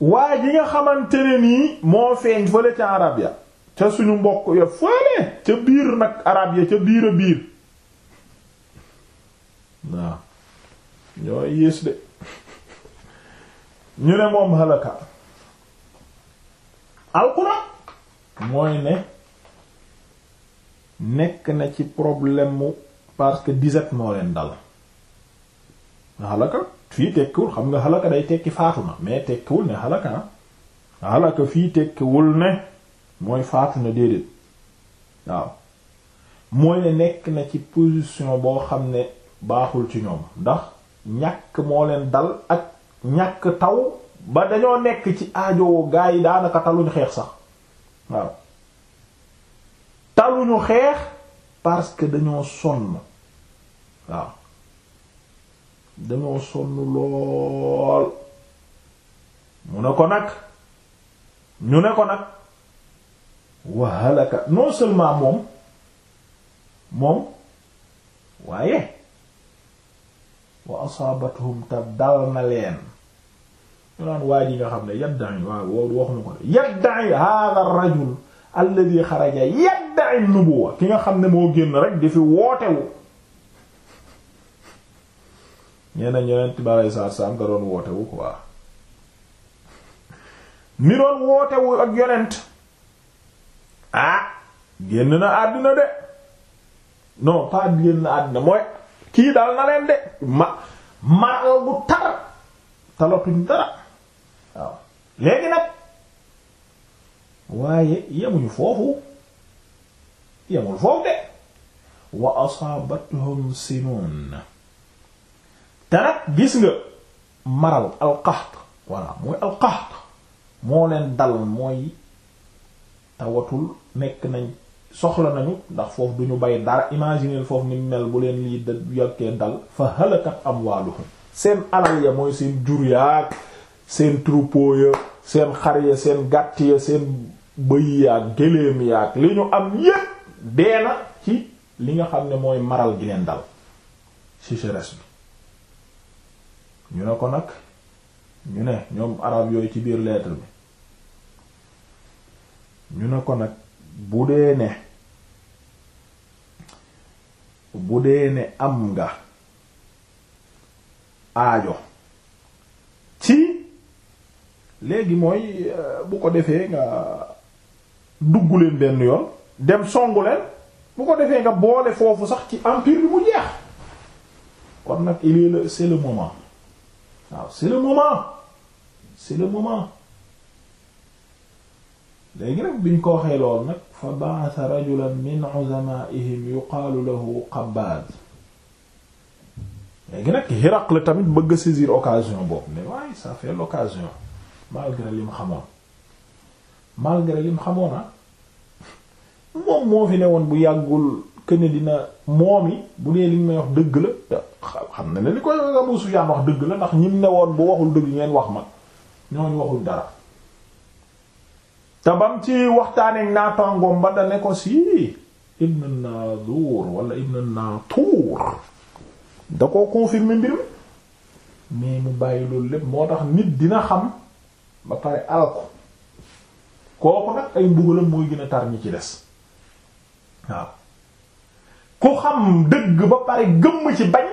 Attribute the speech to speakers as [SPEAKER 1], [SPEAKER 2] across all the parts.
[SPEAKER 1] waa ji nga xamante ne nii moo feeñ fële ca arab ya ca suñu mbokk ya fële ca biir nag arab ya ca biir a biir waaw ñoo yées de ñu ne moom halaka alxuraan mooy ne nekk na ci problème mu parce que disette noo leen dal halaka fii tekkiwul xam nga xalaka day tekki faatu na mais tekkiwul ne xalaka xalaka fii tekkiwul ne mooy faatu na déedéet waaw mooy ne nekk na ci position boo xam ne baaxul ci ñoom ndax ñàkk moo leen dal ak ñàkk taw ba dañoo nekk ci aajo gaa yi daanaka taluñu xeex sax waaw taluñu xeex parce que dañoo sonn waaw dañoo sonn lool mu ne ko nag ñu ne ko nag wa halaka non seulement moom moom waaye wa asaabatuhum te dal na leen ñu naan waa nga xam ne yadda'i waaw woo waxuñu ko de yadda'i hadha ar-rajul alladhi xaraja yadda'i an-nubuwwa ki nga xam ne moo génn rek di fi wootewu ñeneen ñeneen tibaale saar saam da doon wootewu quoi mi doon wootewu ak yonent ah génn na àddina de non pas génn na àddina mooy kii dal na leen de ma maral bu tar talatuñ dara waaw léegi nag waaye yemuñu foofu yemul foofu de wa asabatuhum sinoon te nag gis nga maral alqaxt voilà mooy alqaxt moo leen dal mooy tawatul nekk nañ soxla nañu ndax foofu duñu bay dara imaginer foofu ni mel bu leen lii da yokkee dal fa halakat amwaaluhum seen alal ya mooy seen jur yaak seen troupeau ya seen xar ya seen gàtt ya seen bëy yaak géléem yaak li ñu am yépp dee na ci li nga xam ne mooy maral gi leen dal sécheresse bi ñu ne ko nag ñu ne ñoom arab yooyu ci biir lettre bi ñu ne ko nag bu dee ne bu dee ne am nga aajo ci léegi mooy euh, bu ko defee nga dugg leen benn yoon dem songu leen bu ko defee nga boole foofu sax ci empire bi mu jeex kon nag il est le c'est moment waaw c'est le moment c'est le moment léegi nag biñ ko waxee lool nag fa baax rajulan min uzama'ihim yuqaalu lahu Qabbaad léegi nag Hiraql tamit bëgg a saisir occasion boobu mais waaye ça fait l'occasion malgré lim xamoon malgré lim xamoon ah moom moo fi ne woon bu yàggul que ne dina moom yi bu dee liñ may wax dëgg la xam na ne li koy Abu Sufyaan wax dëgg la ndax ñim ne woon bu waxul dëgg ngeen wax ma ñooñu waxul dara te bam ci waxtaanee naataangoom ba da ne ko si Ibn Naadur wala Ibn Naatuur da koo confirmer mbir mi mais mu bàyyi loolu lépp moo tax nit dina xam ba pare alko kooku nag ay mbugalam mooy gën a tar ñi ci des waaw ku xam dëgg ba pare gëmm ci bañ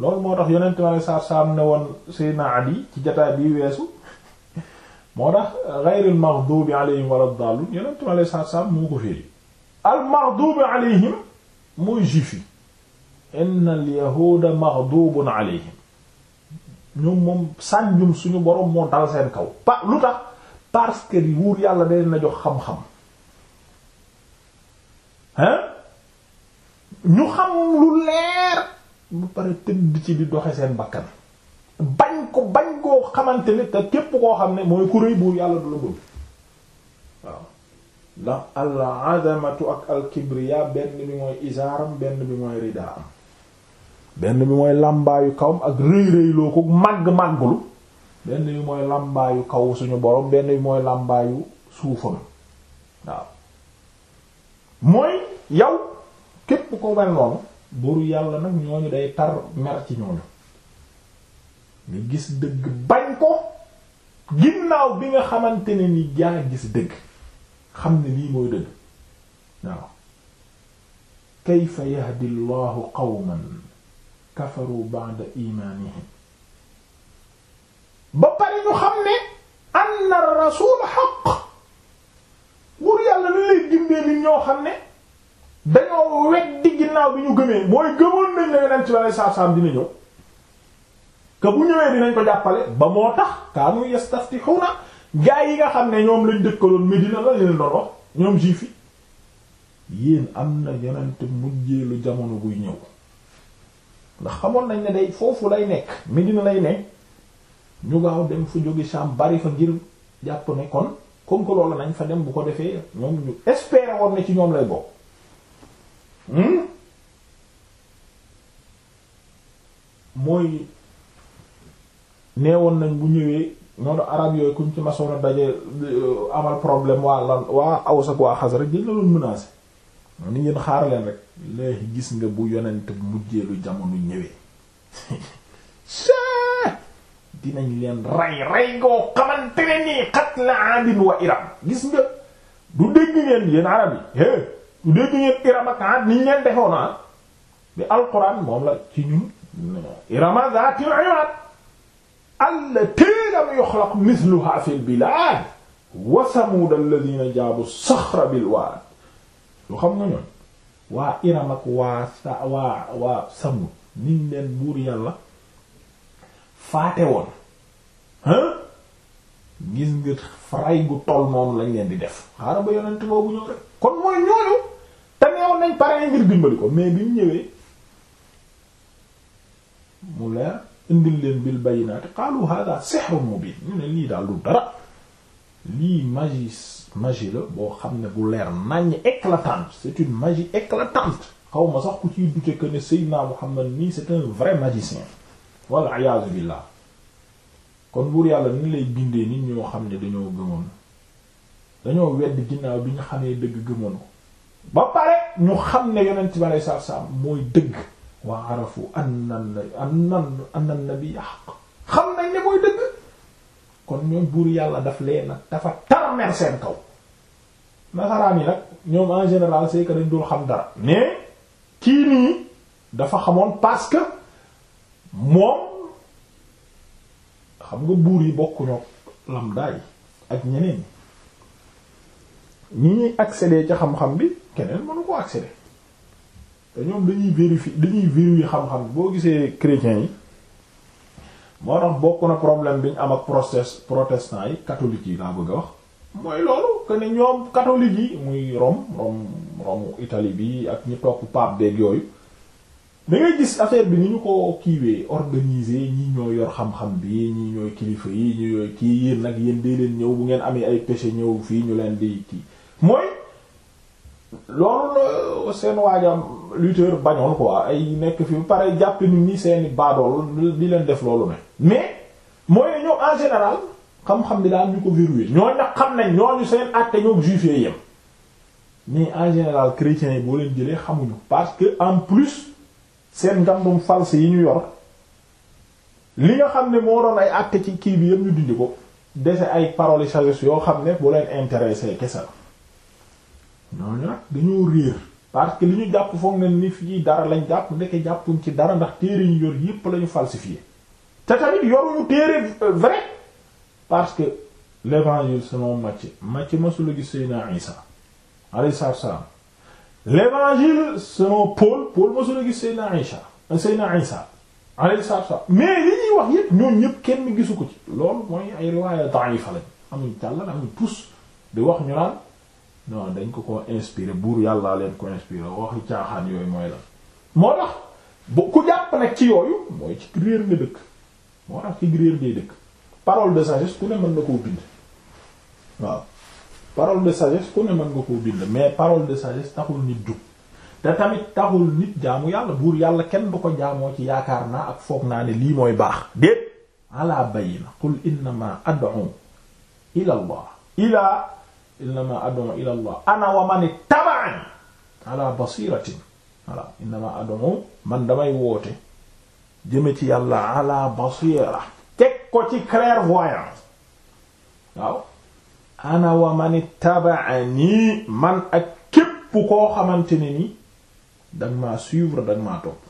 [SPEAKER 1] loolu moo tax yonent ma saar saam ne woon Seydina Adi ci jataay bii weesu moo tax ghayril maghdubi alayhim waladdallun yonent ma saar saam moo ñoom moom sànjum suñu borom moo dal seen kaw pa lu tax parce que wuur yàlla day na jox xam-xam hein ñu xam lu leer ba pare tëdd ci di doxe seen bakkan bañ ko bañ koo xamante ne te képp koo xam ne mooy ku rëy buur yàlla du la bëgg waaw ndax al azamatu ak al benn bi mooy isaaram benn bi mooy ridaa am benn bi mooy làmbaayu kawam ak rëy rëyloo ko màgg màggulu benn bi mooy làmbaayu kaw suñu borom benn bi mooy làmbaayu suufam waaw mooy yow képp ko mel noonu buur yàlla nag ñooñu day tar mer ci ñooñu nga gis dëgg bañ ko ginnaaw bi nga xamante ne ni jaa gis dëgg xam ne lii mooy dëgg waaw kayfa yahdi llahu qawman kafaru ba'da imaanihim ba pare ñu xam ne anna rasul xaq buur yàlla li lay gindee nit ñoo xam ne dañoo weddi ginnaaw bi ñu gëmee mooy gëmoon nañ ne yonent bi alayhi salaatu salaam dina ñëw que bu ñëwee dinañ ko jàppale ba moo tax kaanu yastaftihuna gaa yi nga xam ne ñoom lañ dëkkaloon Medina la leen doon ñoom juif yi yéen am na yonent mujjeelu jamono guy ñëw ndax xamoon nañ ne day foofu lay nekk Medina lay nekk ñu gaaw dem fu jóge Sham bari fa ngir jàpp ne kon comme que loolu nañ fa dem bu ko defee ñoom ñu espérer woon ne ci ñoom lay bokk. Hmm? mooy neewoon nañ bu ñëwee ñoo doon arab yooyu kuñ ci masoon a daje euh, amal problème waa lan waa Aws ak waa Xasraj dañ la doon menacé ni ngeen xaar rek léegi gis nga bu yonent mujjeelu jamono ñëwee dinañ leen rey rey ngoo xamante ne nii xat la andin wa iram gis nga du dégg ngeen yéen arab yi dégg ngeen Iram ak Aad niñ leen defoon ah bi alquran moom la ci ñun Irama zaatil imaad allatii lam yuxlaq misluhaa fil bilaad wa Samuuda allaziina jaabu saxra bil waad waa Samuud niñ leen buur yàlla faate woon ah gis nga fray gu toll noonu lañ leen di def xaaral ba yonent boobu ñëw rek kon ñooñu. nañ pare ngir dimbali ko mais bi mu ñëwee mu leer indil leen bil bayyinaati qaalu hada sihrun mubin ñu ne lii daal du dara lii magie magie la boo xam ne bu leer naññ éclatante c'est une magie éclatante xaw ma sax ku ci dute que ne Seydina Muhammad nii c'est un vrai magicien walla iyaazu billah kon buur yàlla ni lay bindee nit ñoo xam ne dañoo gëmoon dañoo wedd ginnaaw bi ñu xamee dëgg gëmoon ko ba pare ñu xam ne yonent bi alayhi salaatu salaam mooy dëgg wa arafu anna anna bi nabi xam nañ ne mooy dëgg kon ñoom buur yàlla daf lee nag dafa tarmer seen kaw nasaraan yi nag ñoom en général c'est que dañ dul xam dara mais kii nii dafa xamoon parce que moom xam nga buur yi bokkuñoo lamdaay ak ñeneen ñi ñuy accéder ca xam-xam bi keneen mënu ko accéder te ñoom dañuy vérifier dañuy vérifier xam-xam boo gisee chrétiens yi moo tax bokk na problème bi ñu am ak protest protestants yi catholiques yi laa bëgg a wax mooy loolu que ne ñoom catholiques yi muy Rome Rome Italie bi ak ñi topp pape beeg yooyu da gis affaire bi ni ñu ko kiiwee organiser ñi ñoo yor xam-xam bi ñi ñooy kilifa yi ñi ñooy kii yéen nag yéen dee leen ñëw bu ngeen amee ay péché ñëw fii ñu leen di kii mooy. loolu seen waajam lutteur bañoon quoi ay nekk fi pare jàpp nit ñi seeni baadool di leen def loolu ne mais mooy ne ñoo en général xam-xam bi daal ñu ko verrouillé ñoo nag xam nañ ñooñu seen àtte ñoom juif yi yem mais en général chrétiens yi boo leen jëlee xamuñu parce que en plus seen ngandum false yi ñu yor li nga xam ne moo doon ay àtte ci kii bi yëpp ñu dindi ko dese ay paroles sagesse yoo xam ne boo leen intéressé kese la ñooñu nag dañoo réer parce que li ñu jàpp foog na ni fii dara lañ jàpp ndeke jàppuñ ci dara ndax téere ñu yor yépp lañu falsifié te tamit yoruñu téere euh, vrai parce que l'évangile selon Matthieu Matthieu masula gis Seydina Isa alayhi salaam l'évangile selon Paul Paul masula gis Seydina Isa euh, Seydina Isa alayhi salaam mais li ñuy wax yépp ñoom ñëpp kenn gisu ko ci loolu mooy ay riwaaya da'ifa lañ amuñ jàll amuñ tus di wax ñu naan non dañ ko ko inspiré buur yàllaa leen ko inspiré waxi caaxaan yooyu mooy la moo tax bu ku jàpp nag ci yooyu mooy ci réer nga dëkk moo tax ci réer ngay dëkk parole de sagesse ku ne mën nga koo bind waaw parole de sagesse ku mais parole de sagesse taxul nit jub te tamit taxul nit jaamu yàlla buur yàlla kenn du ko jaamoo ci yaakaar naa ak foog naa ne lii mooy baax déet ala bayina qul innama ad'u ila allah ila innama ad'u ila Allah ana wa man ittaba'an ala man damay woote jëme ci yàlla ala basira teg ko ci clairvoyance waaw ana man ak képp koo xamante ne ni danga maa suivre danga maa topp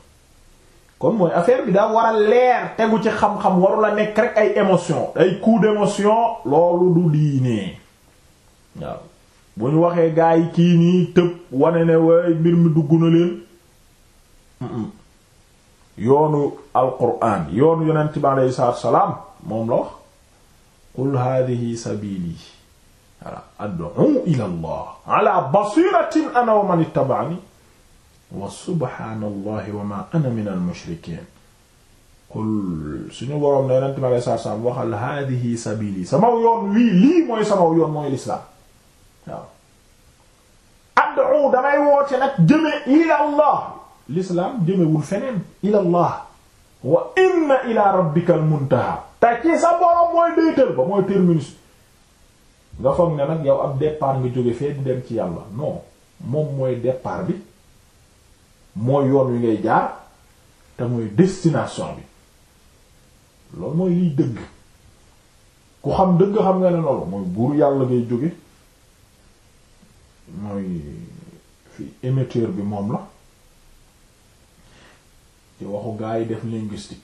[SPEAKER 1] kon mooy affaire bi daa war a leer tegu ci xam-xam waru la nekk rek ay émotion ay coup d'émotion loolu du diine waaw bu ñu waxee gaa yi kii nii tëb wane ne waaye mbir mi dugg na leen yoonu alquran yoonu yonent bi aleyhi salaatu salaam moom la wax qul hadihi sabili voilà ad'u ila allah ala basiratin ana wa man ittaba'ani wa subhanallahi wa ma ana min almushrikin qul suñu boroom ne yonent bi aleyhi salaatu salaam waxal hadihi sabili sama yoon wii lii mooy sama yoon mooy lislaam damay woote nag jëme ila allah l'islam jëmewul feneen ila allah wa inna ila rabbikal muntaha te ci sa borom mooy déytal ba mooy terminus nga foog ne nag yow ab départ nga jóge fee di dem ci yàlla non moom mooy départ bi moo yoon wi ngay jaar te mooy destination bi loolu mooy liy dëgg ku xam dëgg xam nga ne loolu mooy buur yàlla ngay jóge mooy fi émetteur bi moom la ci waxu gaa yi def linguistique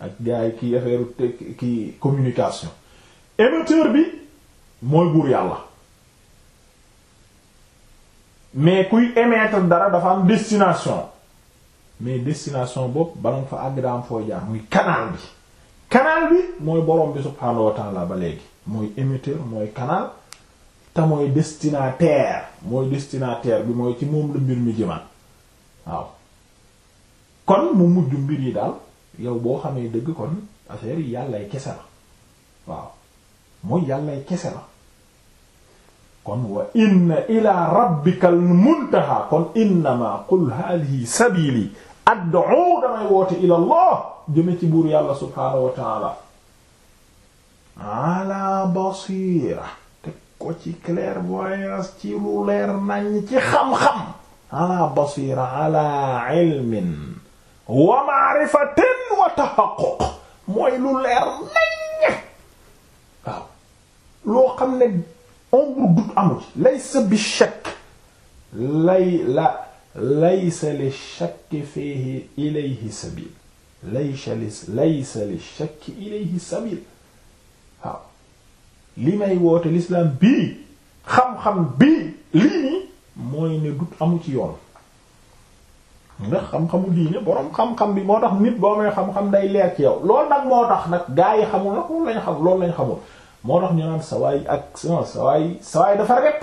[SPEAKER 1] ak gaa yi ki affaire ki communication émetteur bi mooy buur yàlla mais kuy émettre dara dafa am destination mais destination bopp bala nga fa àgg daa am fooy jaar muy canal bi canal bi mooy borom bi subhaanahu wa ba léegi mooy émetteur mooy canal te mooy mooy destinataire bi mooy ci moom la mbir mi jëmaan waaw kon mu mujj mbir yi daal yow boo xamee dëgg kon affaire yi yàllay kese la waaw mooy yàllay kese la kon wa inna ila rabbikal muntaha kon innama qul hadhihi sabili ad'u damay woote ila allah jëme ci buur yàlla subhaanahu wa ta'ala ala ko ci clairvoyance ci lu leer nañ ci xam-xam ala basira ala ilmin wa ma'rifatin wa tahaqquq mooy lu leer nañ waaw loo xam ne ombre doute amul laysa bi shakk lay la laysa li shakk fihi ilayhi sabil laysa li laysa li shakk ilayhi sabil waaw li may woote l'islam bii xam-xam bii lii nii mooy ne du amu ci yoon ndax xam-xamu diine boroom xam-xam bi moo tax nit boo may xam-xam day leer ci yow loolu nag moo tax nag gaa yi xamul nag loolu lañ xam xamul moo tax ñu naan sawaay ak ah, sawaay sawaay dafa repp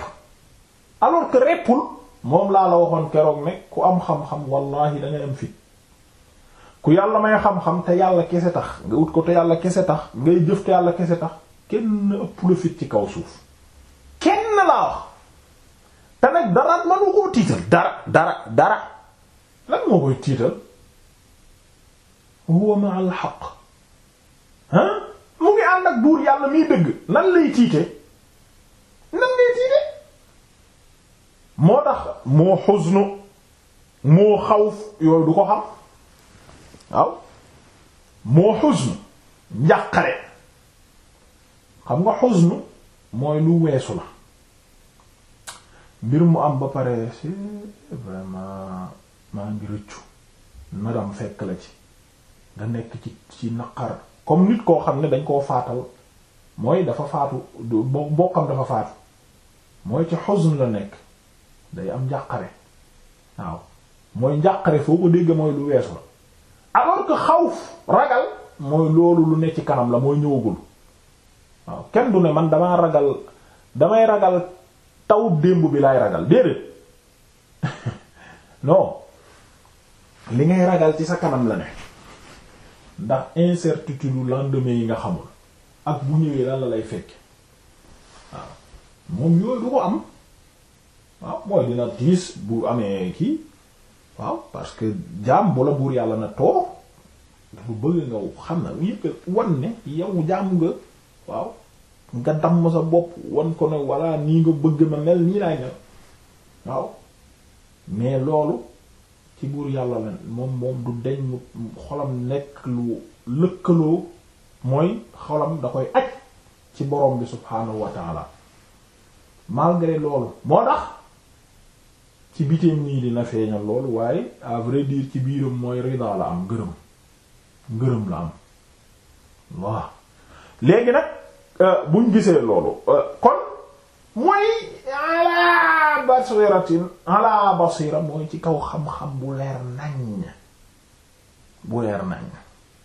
[SPEAKER 1] alors que reppul moom laa la waxoon keroog ne ku am xam-xam wallahi dangay am fit ku yàlla may xam-xam te yàlla kese tax nga wut ko te yàlla kese tax ngay jëf te yàlla kese tax kenn ëpp la fit ci kaw suuf kenn laa wax te nag dara manu koo tiital dara dara lan moo koy tiital huwa ma al haqq mu ngi ànd ak buur yàlla miy dëgg nan lay tiite nan lay tiite moo tax moo xusnu moo xawf yooyu du ko xam waaw moo xusnu njàqare xam nga xusnu mooy lu weesu la mbir mu am ba pare c'est vraiment maa ngi rëccu naram fekk la ci nga nekk ci ci naqar comme nit koo xam ne dañ koo faatal mooy dafa faatu bokkam dafa faatu mooy ci xusnu la nekk day am njàqare waaw mooy njàqare foo ko dégg mooy lu weesu la alors que xawf ragal mooy loolu lu nekk ci kanam la mooy ñëwagul waaw kenn du ne man damaa ragal damay ragal taw démb bi laay ragal déedéet non li ngay ragal ci sa kanam la ne ndax incertitude lu lendemain yi nga xamul ak bu ñëwee lan lay fekk waaw moom yooyu du ko am waaw mooy dina tiis bu amee kii waaw parce que jaam bu buur yàlla na too dafa bëgg nga xam na yëpp wan ne yow jaam nga waaw nga damm sa bopp wan ko ne walla nii nga bëgg ma mel nii laay mel waaw mais loolu ci buur yàlla la moom moom du deñ mu xolam nekk lu lëkkaloo mooy xolam da koy aj ci borom bi subhaanahu wa taala loolu moo tax ci bitim nii dina feeñal loolu waaye à vrai ci biiram mooy rida la am ngërëm ngërëm la am waaw léegi nag Euh, buñ gisee loolu euh, kon mooy ala basiratin ala basira mooy ci kaw xam-xam bu leer nañ bu leer nañ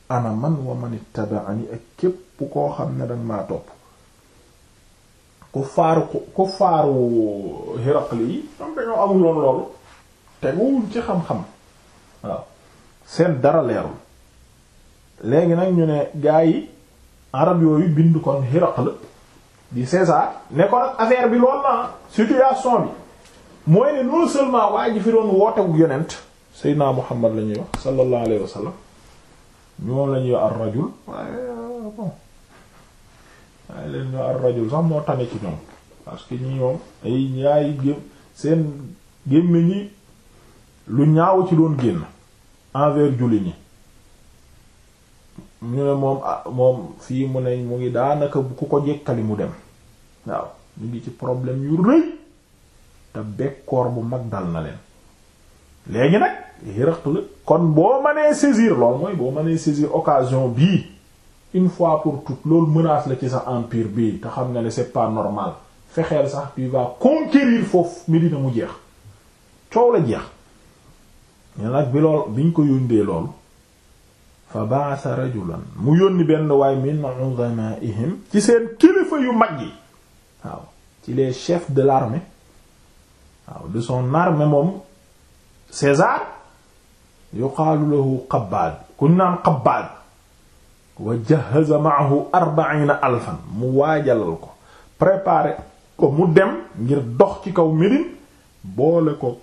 [SPEAKER 1] ana man wa man ittaba'ani ak képp koo xam ne dañ maa topp ku faaru ku faaru Hiraqli yi ñoom dañoo amul woon loolu teguwuñ ci xam-xam waaw seen dara leerul léegi nag ñu ne gaa yi arab yooyu bind kon Hiraql di César ne ko affaire bi lool na situation bi mooy ne non seulement waa ji fi doon wootewu yonent Seydina Muhammad la ñuy wax sallallahu alayhi wa sallam ñoom la rajul waaye leen ñoo ar rajul sax moo tane ci ñoom parce que ñu ñoom ay ñaay gém seen ñi lu ñaaw ci doon génn envers julli ñi ñu ne moom ah, moom fii mu ne mu ngi daanaka ku ko jekkali mu dem waaw ñu ngi ci problème yu rëy te bekkoor bu mag dal na leen léegi nag Hiraql kon boo mënee saisir loolu mooy boo mënee saisir occasion bii une fois pour toutes loolu menace la ci sa empire bi te xam na ne c'est pas normal fexeel sax tu conquérir foofu Médina mu jeex coow la jeex mais nag bi lool biñ ko yóndee loolu fa ba'atha rajulan mu yónni benn waay min uzamaa'ihim ci seen kilifa yu mag yi waaw ci les chefs de l'armée waaw de son armée moom César yuqaalu lahu Qabbaad kun naan Qabbaad wa jahaza ma'ahu arba'iina alfan mu waajalal ko préparer ko mu dem ngir dox ci kaw Médine boole ko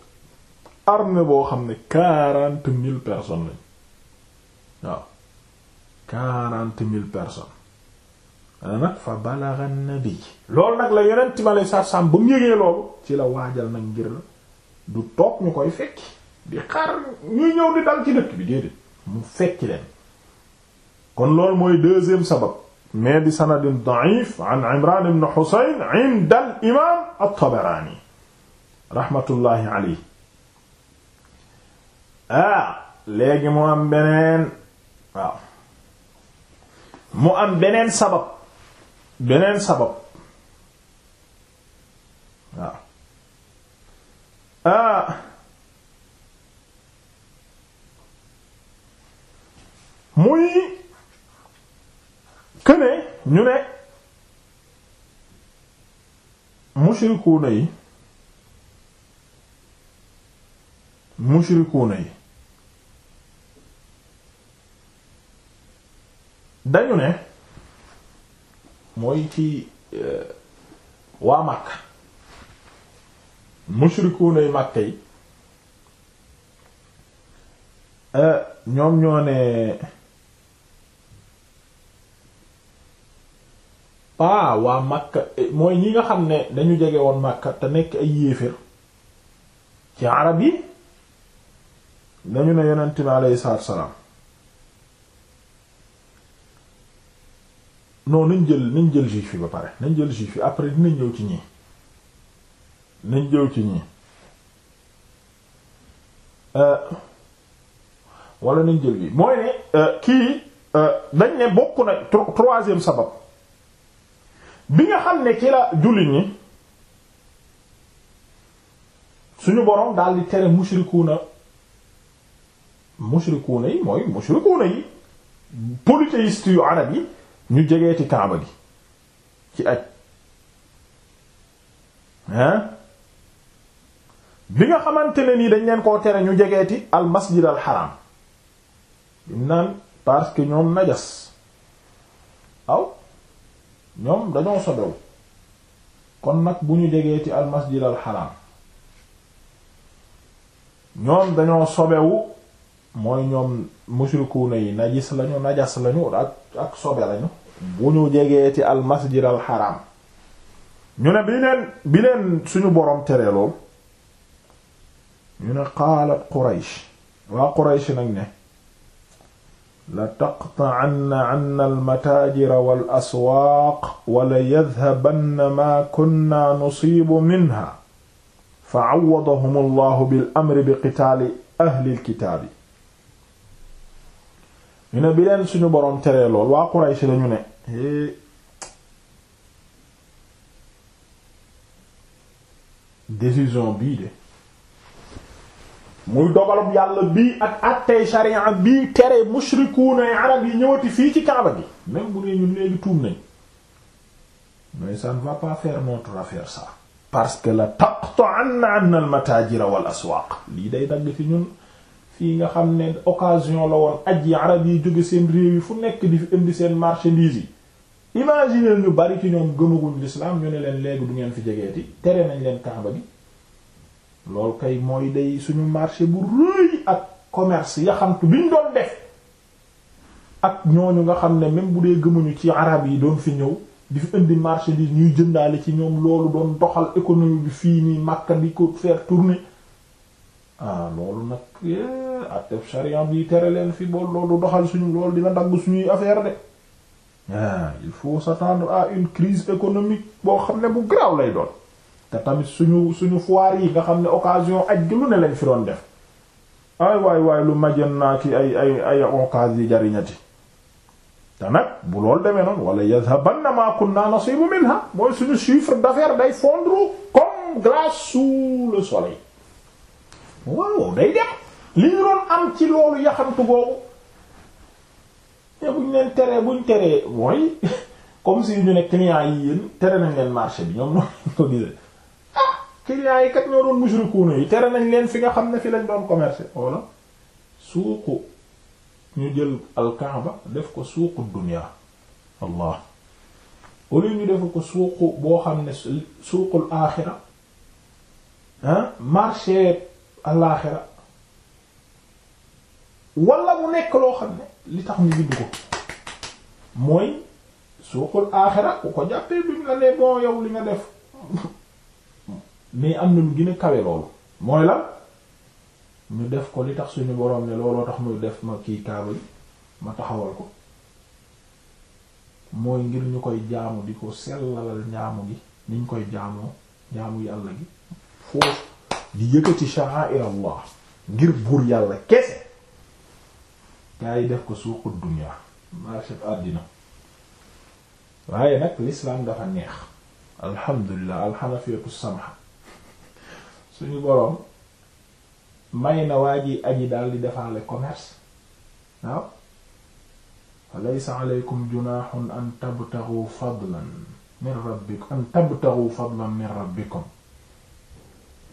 [SPEAKER 1] armée boo xam ne quarante mille personnes lañ waaw quarante mille personnes ana nag fa balagha nabi loolu nag la yeneen timale sarsam ba mu yëgee loolu ci la waajal nag ngir du toog ñu koy fekki di xaar ñuy ñëw di dal ci dëkk bi déedéet mu fekki leen kon loolu mooy deuxième sabab mais bi sanadin da'if an imran ibn husayn inda al imam at-tabarani rahmatullahi alayhi ah léegi mu am beneen waaw mu am beneen sabab beneen sabab waaw ah muy këne ñu ne mushrikuuna yi mushrikuuna yi dañu ne mooy ci euh, waa Makka mushrikuunay Makka yi euh, ñoom ñoo ne ah waa Makka mooy ñi nga xam ne dañu jege woon Makka te nekk ay yéefér ci arab yi dañu ne yonent bi alayhi salaatu salaam non nañ jël nañ jël juif yi ba pare nañ jël juif yi après dinañ ñëw ci ñii nañ jëw ci ñii euh, wala nañ jël bi mooy ne euh, kii euh, dañ ne bokk na troisième sabab bi nga xam ne ki la jullit ñi suñu boroom daal di tere mushrikuuna mushrikuuna yi mooy mushrikuuna yi polythéistes yu arab yi ñu jegeeti kaaba gi ci aj hein bi nga xamante ne nii dañ leen koo tere ñu jegeeti al masjid al haram dim naan parce que ñoom najas aw ñoom dañoo sobew kon nag bu ñu jegeeti al masjid al haram ñoom dañoo sobewu mooy ñoom mushrikuuna yi najis lañu najas lañu ak ak sobe lañu bu ñu jegee ci al masjid al haram ñu ne bi leen bi leen suñu borom tereelool ñu ne qaala quraysh waa quraysh nag ne la taqta'anna 'anna al mataajira wal aswaaq wa la yadhhabanna maa kunna nusiibu minha fa'awwadahum allahu bil amri bi qitaali ahli al kitaabi ñu ne bi leen suñu borom teree lool waa quraysh lañu ne décision bii de muy dogalub yàlla bii ak attey sharia bii tere mushrikuuna arab yi ñëwati fii ci kaaba gi même bu ñun léegi tuub nañ mais ça ne va pas faire notre affaire ça parce que la taqta'anna 'anna al matajira wal aswaq lii day dagg ci ñun fii nga xam ne occasion la woon aj yi arab yi jóge seen réew yi fu nekk di fi indi seen marchandise yi imaginer ñu bari ci ñoom gëmaguñ l'islam ñu ne leen léegi du ngeen fi jegeeti tere nañ leen kaaba gi loolu kay mooy day suñu marché bu rëy ak commerce yaxantu bi ñu doon def ak ñooñu nga xam ne même bu dee gëmuñu ci arab yi doon fi ñëw di fi indi marché bi ñuy jëndaale ci ñoom loolu doon doxal économie bi fii nii Makka di ko faire tourner ah loolu nag attef charian bi tere leen fi bool loolu doxal suñu loolu dina dagg suñuy affaire de ah il faut s'attendre à une crise économique boo xam ne bu garaaw lay doon te tamit suñu suñu foire yi nga xam ne occasion ak gi lu ne lañ fi doon def ay waay waay lu majen naa ki ay ay ay occasion yi jariñati te nag bu loolu demee noonu wala yadhabanna ma kunna nasibu minha mooy suñu chiffre d'affaires day fondre comme glace sous le soleil waaw day dem li ñu doon am ci loolu yaxantu boobu te buñ leen teree buñ teree mooy comme si ñu ne clients yi yéen tere nañ leen marché bi ñoom noonu lañ ko gisee ah clients yi kat ñoo doon mushrikuuna yi tere nañ leen fi nga xam ne fi lañ doon commercer walla suuqu ñu jël alkaaba def ko suuqu dunya allah au ñu def ko suuqu boo xam ne suuqul aaxira ah alaaxira wala mu nekk loo xam ne li tax ñu bind ko mooy suuxul aaxira ku ko jàppee duñ la ne bon yow li nga def mais am na lu gën a kawe la ñu def ko li tax suñu boroom ne looloo tax muy def ma kii kaaba ma taxawal ko mooy ngir ñu koy jaamu di ko sellalal ñaamu gi niñ koy jaamoo jaamu yàlla gi foofu di ci sha'a'ir Allah ngir buur yàlla kese gaa def ko suuqu dunya marché àddina waaye nag l'islam dafa neex alhamdulilah alxanafiyatu samha suñu boroom may na waa ji aji daal di defaale commerce waaw fa laysa aleykum junahun an tabtaxu fadlan min rabbikum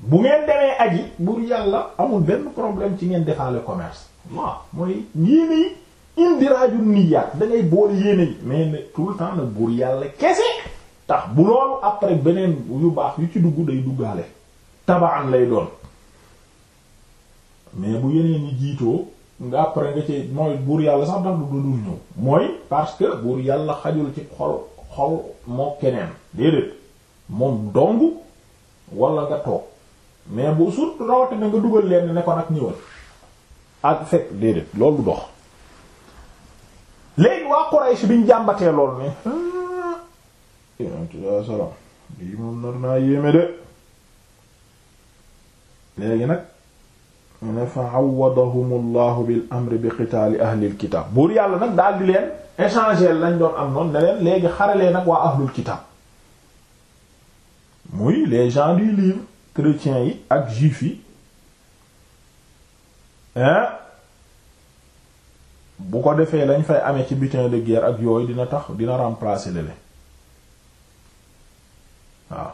[SPEAKER 1] bu ngeen demee aji buur yàlla amul benn problème ci ngeen defaale commerce waaw mooy yéene yi indiraaju niyaat da ngay boole yéene mais ne tout le temps nag buur yàlla kese tax bu loolu après beneen yu baax yu ci dugg day duggaale tabaan lay doon mais bu yeneen yi jiitoo nga après nga ci mooy buur yàlla sax dax du dudul ñëw mooy parce que buur yàlla xajul ci xol xol moo keneen déedéet moom dong wala nga toog mais bu surtout rawatina nga dugal leen ne ko nag ñëwal ak fekk déedéet loolu du dox léegi waa Quraysh biñ jàmbatee lool ne ah, salaam lii moom nar naa yéeme de léegi nag mu ne fa awwadahum llahu bil buur yàlla nag daal di leen échanger lañ doon am noonu ne leen léegi xaralee nag kitaab muy les gens du chrétiens yi ak juifs yi bu ko defee lañ fay ame ci butin de guerre ak yooyu dina tax dina remplacer lele waaw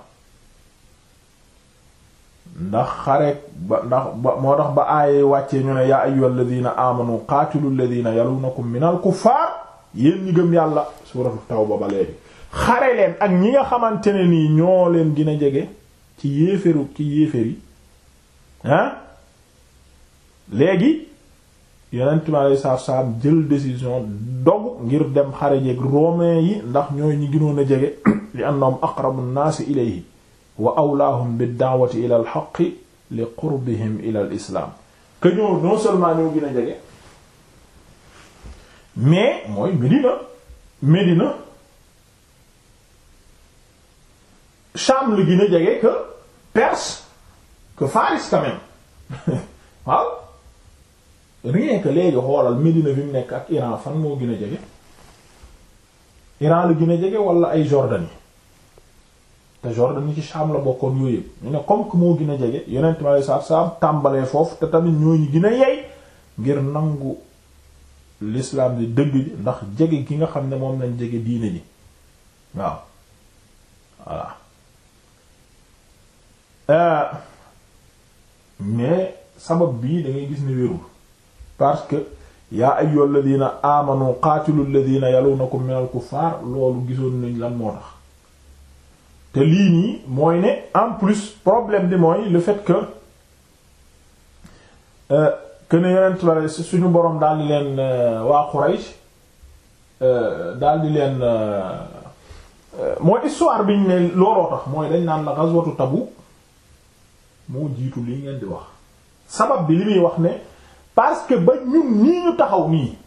[SPEAKER 1] ndax xareek ba ndax ba moo tax ba aaye wàcce ñu ne yaa ayyuhal ladina amanu qaatilul ladina yalunakum minal kuffaar yéen ñi gëm yàlla suuratu tawba ba léegi xare leen ak ñi nga xamante ne nii ñoo leen gën a jege ci yéeféru ci yéefér yi ah léegi yonent mi alei saatu salaam jël décision dog ngir dem xare jeeg romain yi ndax ñooy ñi gënoon a jege li annahum aqrabu nnaasi ilayhi wa awlaahum bi daawati ila al li qurbihim ila al islam que ñoo non ñoo gën a jege mais mooy Médina Médina Cham la gën a jege que Perse que Faris quand même waaw rien que léegi xoolal Médina bi mu nekk ak Iran fan moo gën a jege Iran la gën a jege wala ay Jordanie te Jordanie ci Cham la bokkoon yooyu yëpp ñu ne comme que moo gën a jege Yonent mi alayhi salaatu salaam tàmbalee foofu te tamit ñooñu gën yey ngir nangu l'islam di dëgg ji ndax jege ki nga xam ne moom lañ jege diine ji waaw voilà Euh, mais sabab bii da gis ni wérul parce que yaa ayyuhal ladina amanu qatilul ladina yalunakum minal kuffar loolu gisoon nañ lan moo tax te lii nii mooy ne en plus problème bi mooy le fait que euh, que ne yonent bare suñu boroom daal di leen euh, waa Quraysh daal di leen mooy histoire biñ ne looloo tax mooy dañ naan la ghazwatu Tabuk moo jiitu li ngeen di wax sabab bi li muy wax ne parce que ba ñun nii ñu taxaw nii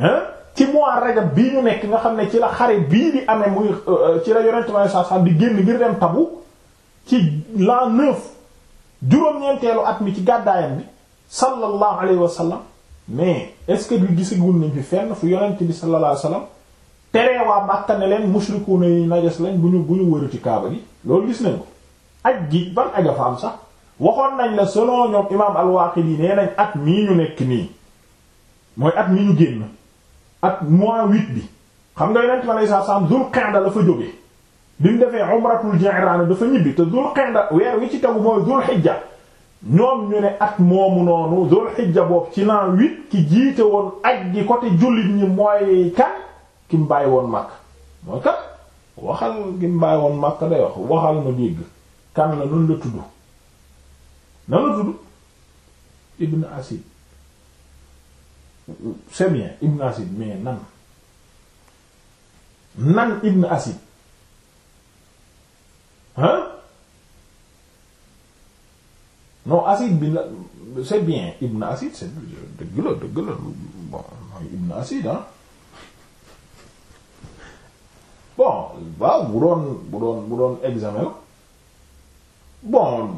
[SPEAKER 1] hein ci mois rajab bii ñu nekk nga xam ne ci la xare bii di amee muy euh, ci la yonent ma sa sa di génn ngir dem tabu ci l'an neuf juróom-ñeenteelu at mi ci gàddaayam bi sallallahu alayhi wa sallam mais est-ce que du gisagul nañ fi fenn fu yonent bi sallallahu alayhi wa te teree waa Makka ne leen mushrikuuna yi najas lañ bu ñu bu ñu wërati kaaba gi loolu gis nañ ko aj gi ban aja fa am sax waxoon nañ la selon ñoom imaam al-Waaqidi nee nañ at mii ñu nekk nii mooy at mii ñu génn at mois huit bi xam nga yonent bi alayhi salaam Dul Qa'da la fa bi mu defee umratul Ji'raan dafa ñibbi te Dul Qa'da weer wi ci tegu mooy Dul Hijja ñoom ñu ne at moomu noonu Dul Hijja boobu ci l'an huit ki jiite woon aj gi côté jullit ñi mooy kan ki mu bàyyi woon Makka mooy kat waxal ki mu bàyyi woon Makka day wax waxal ma dégg. kan la nun la tudd na la tudd Ibn Asid c'est bien Ibn Asid mais nan nan Ibn Asid hein non Asid bi la c'est bien Ibn Asid c'est dëgg la dëgg la bon Ibn Asid ah bon waaw bu doon bu doon bu doon examen la bon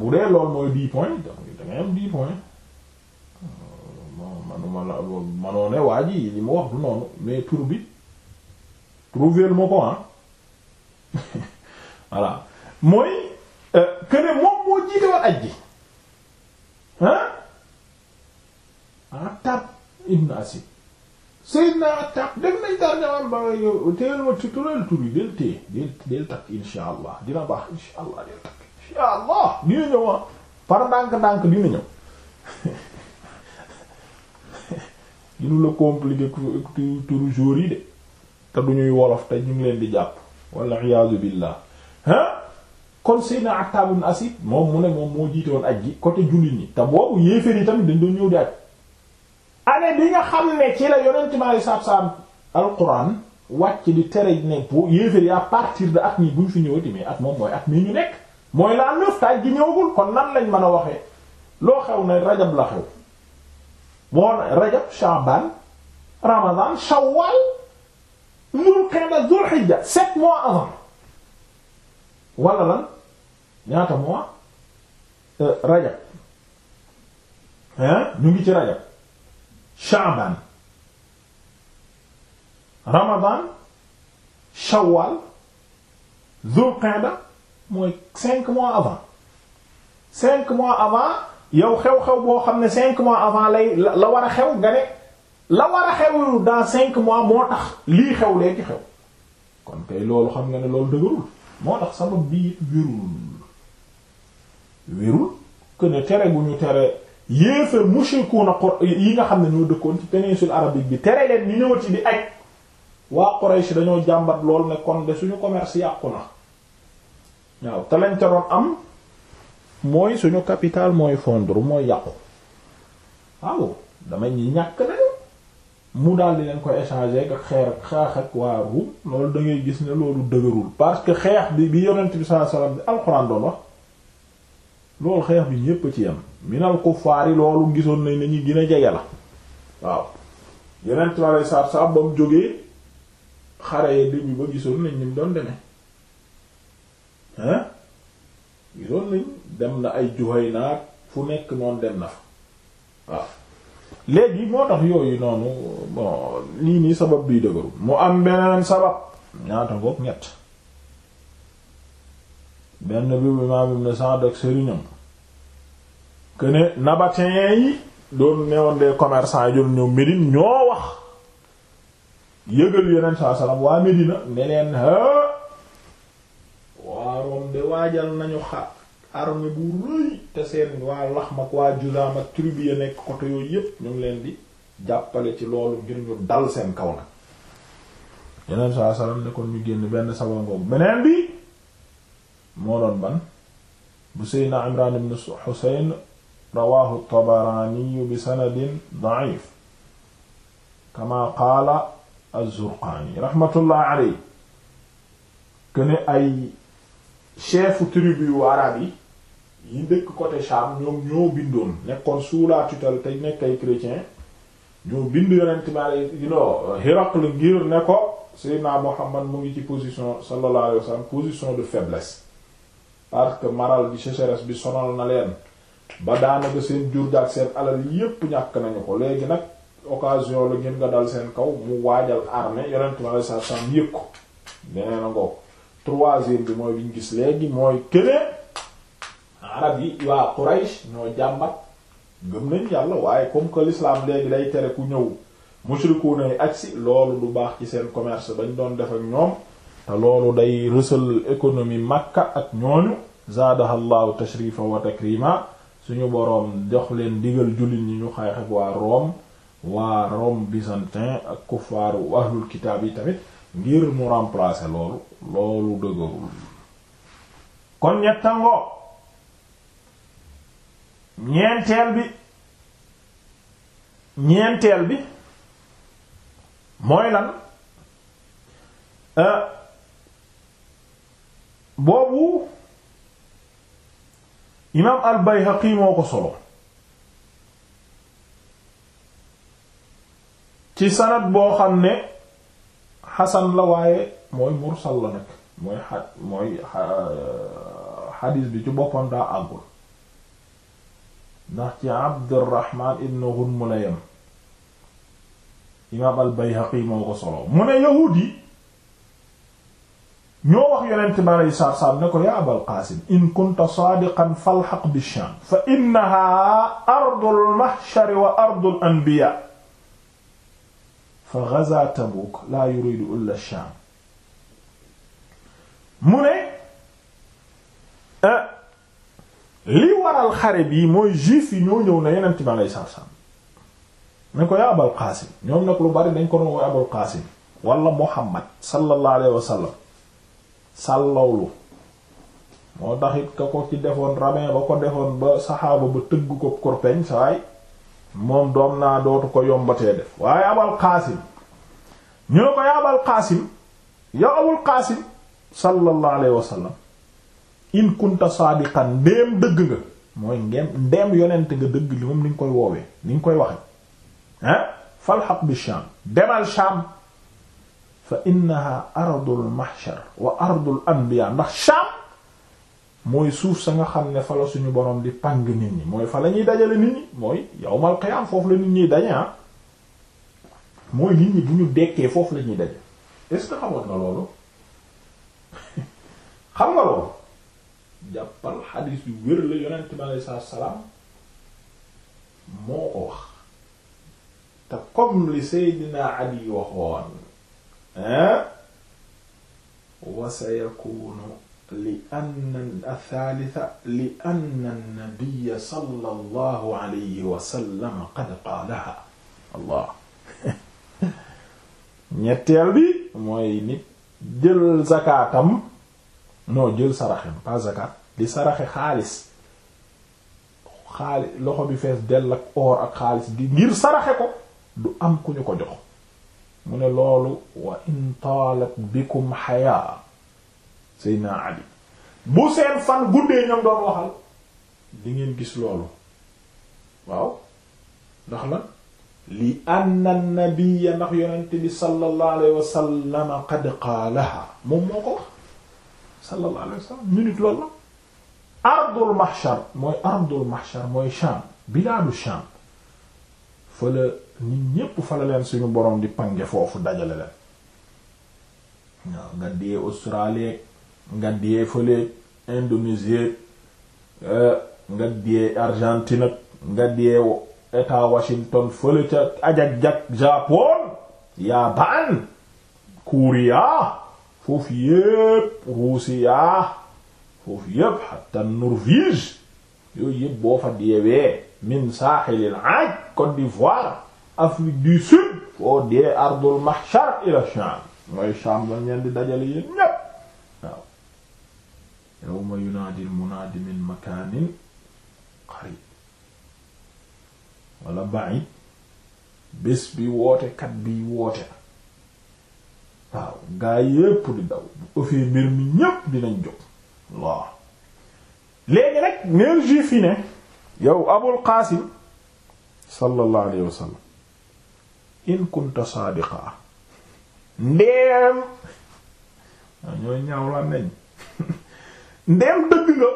[SPEAKER 1] bu dee loolu mooy dix points da am dix points bon euh, manuma la manoo li mu wax du noonu mais tur bi trouver ma ko ah voilà mooy euh, que moom moo jiite woon aj ji ah Attab ibn Asib Seydina Attab def nañ tar ñawan ba téyel ma ci tural tur yi del téye del takk insha allah dina baax insha allah del takk ya allah dina ñëw ah par ndànk-ndànk dina ñëw dinu la compliquer turu jour yi de te du ñuy wolof te ñu ngi leen di jàpp walla iyaazu billah ah kon Seydina Attab ibn Asid moom mu ne moom moo jiite woon aj gi côté jullit ñi te boobu yéeféer yi tamit dañ doon ñëw di aj année bi nga xam ne ci la yonent ma saab saab alquran wàcc di tere ne pour yéeféer yi partir de at mi buñ fi ñëwati mais at moom mooy at mi ñu nekk mooy la neuf taaj gi ñëwagul kon nan lañ mën a waxee loo xew ne rajab la xew moo rajab shaaban ramadan shawwal mul xeeda zul hijja sept mois avant wala lan ñaata mois euh, rajab hein ñu ngi ci rajab shaaban ramadan shawwal zul qa'da mooy cinq mois avant cinq mois avant yow xew-xew boo xam ne cinq mois avant lay la war a xew nga ne la war a xew dans cinq mois moo tax lii xew léegi xew kon kay loolu xam nga ne loolu dëgërul moo tax sama bi it wérul wérul que ne tere gu ñu tere yéefar mushrikuuna yi nga xam ne ñoo dëkkoon ci péninsule arabique bi tere leen ñu ñëwati di aj waa Quraysh dañoo jàmbat lool ne kon de suñu commerce yàqu na waaw te lañ ca doon am mooy suñu capital mooy fondre mooy yàqu waaw damay ñàkk na mu daal di leen koy échanger ak xeer ak xaax ak waa Ruum loolu da gis ne loolu dëgërul parce que xeex bi bi yonent bi sallallahu alayhi wasallam bi alxuraan doon wax loolu xeex bi ñépp ci yam minal kuffaar yi loolu gisoon nañ ne ñu gën jege la waaw yonent bi sallallahu alayhi wasallam ba mu jógee xare yi ba gisoon nañ ni doon demee. ah gisoon nañ dem na ay Juhayna fu nekk noonu dem na fa waaw léegi moo tax yooyu noonu bon lii nii sabab biy dëgëru mu am beneen sabab ñaata ngoog ñett benn bi bi ma bi ne Sa'd ak sëriñam que ne yi doon newoon des yi doon ñëw Médine ñoo wax yëgal yeneen saa salaam waa Médina ne leen boroom de waajal nañu xa armée bu rëy te seen waa Laxm ak waa Juzaam ak tribu ya nekk côté yooyu yépp ñu ngi leen di jàppale ci loolu ngir ñu dal seen kaw nag yeneen saa salaam ne kon ñu génn benn saba ngoog beneen bi moo doon ban bu Seydina Imraan ibn Husayn rawaahu Tabaraani bi sanadin da'if kamaa qaala az-Zurqaani raxmatullahi alayhi këne ay chefu tribu yu arab yi yi dëkk côté Sham ñoom ñoo bindoon nekkoon sous la tutelle te nekk ay chrétien ñoo bind yonent male yi no Hiraql ngir ne ko Seydina Muhammad mu ngi ci position sallallahu alayhi wasallam position de faiblesse parce que maral bi sécheresse bi sonal na leen ba daanaka seen jur gi ak seen alal yépp ñàkk nañu ko léegi nag occasion la ngeen nga dal seen kaw mu waajal armée yonent male sa sam yëg ko deneen a ngoog troisième bi mooy biñ gis léegi mooy keneen arab yi waa Quraysh ñoo jàmbat gëm nañ yàlla waaye comme que l'islam léegi day tere ku ñëw mushrikuuna yi agsi loolu du baax ci seen commerce bañ doon def ak ñoom te loolu day rësal économie Makka ak ñooñu zaadaha llahu tashrifa wa takrima suñu boroom jox leen digal jullit ñi ñu xeex ak waa Rome waa Rome byzantin ak kuffaaru ahlul kitaab yi tamit ngir mu remplacer loolu loolu dëgërul kon ñettango ñeenteel bi ñeenteel bi mooy lan euh, boobu imaam al-Bayhaqi ko solo ci sanad boo xam ne xasan la waaye mooy mursal la nag mooy xa bi ci daa àggul ndax ci Abdurrahman ibn Ghunm la imaam al mu ne yahuud yi ñoo wax yonent bi alayhi salaatu salaam ne Abal Qaasim in kunta saadiqan falhaq bi Shaam fa innahaa ardul wa ardul anbiyaa fa gaza Tabuk laa yuridu illa Sham mu ne euh, li waral xare bi mooy juif yi ñoo ñëw na yeneen time alay sarsam ne ko yaa Abal Qaasim ñoom nag lu bari dañ ko doon wooy Abal Qaasim wala Muhammad sallallahu alayhi wa sallam sàllawlu moo taxit ka ko ci defoon rabbin ba ko defoon ba saxaaba ba tëgg ko korpeñ saay moom doom naa dootu ko yombatee def waaye abal qaasim ñu ne ko yaa abal qaasim yow abul qaasim sallallahu alayhi wa sallam in kunta saadiqan ndéem dëgg nga mooy ngeem ndeem yonent nga dëgg li moom ni koy woowee ni nga koy waxe ah falxaq bi Shaam demal Shaam fa innaha ardul mahshar wa ardul anbiya ndax Shaam mooy suuf sa nga xam ne falo suñu borom di pang nit ñi mooy fa la ñuy dajale nit ñi mooy yawmal qiyaam foofu la nit ñi daje ah mooy nit dekkee foofu la ñuy daje est-ce que xamoon na loolu xam nga loolu jàppal xadiis yu wér la yonent bi aleyhi salaatu salaam moo ko wax te comme li Seydina Ali waxoon hein ah, wa sayakunu li anna athalitha li anna an-nabiy sallallahu alayhi wa sallam qad qaalaha allah ñetteel bi mooy nit jël zakaatam non jël saraxem pas zakat di saraxe xaalis xaalis loxo bi fees dell ak or ak xaalis gi ngir saraxe ko du am ku ñu ko jox mu ne loolu wa in taalat bikum xayaa Seydina Ali bu seen fan guddee ñoom doon waxal di ngeen gis loolu waaw ndax la li anna nabiyya ndax yonente bi sallallahu alayhi qad qaalaha moom moo ko wax sallallahu minute loolu la ardul mahshar mooy ardul mahshar mooy Sham bilaadu Sham fa la nit ñépp fa la leen suñu boroom di pange foofu dajale leen waaw nga dee Australie nga diyee fëleeg Indonésie eh, nga diyee Argentine ak nga diyee état Washington fële ca ajak-jak Japon Yabaan Korea foofu yépp Russia foofu yépp hatta Norvège yooyu yépp boo fa deewee min saaxilil aj Côte d'Ivoire Afrique du Sud foo dee ardul mahshar ila Sham mooy Sham la ñeen di dajale yéen ñépp yawma yunaadil munaadi min makaanin qarib wala ba'id bés bi wootekat biy woote waaw gaa yépp di daw bu ëffee mbir mi ñépp dinañ jóg waaw léegi rek neel juif yi ne yow abul qaasim sallallahu alayhi wa in kunta saadiqa ndeem ñoo ñaaw la nañ ndeem dëgg nga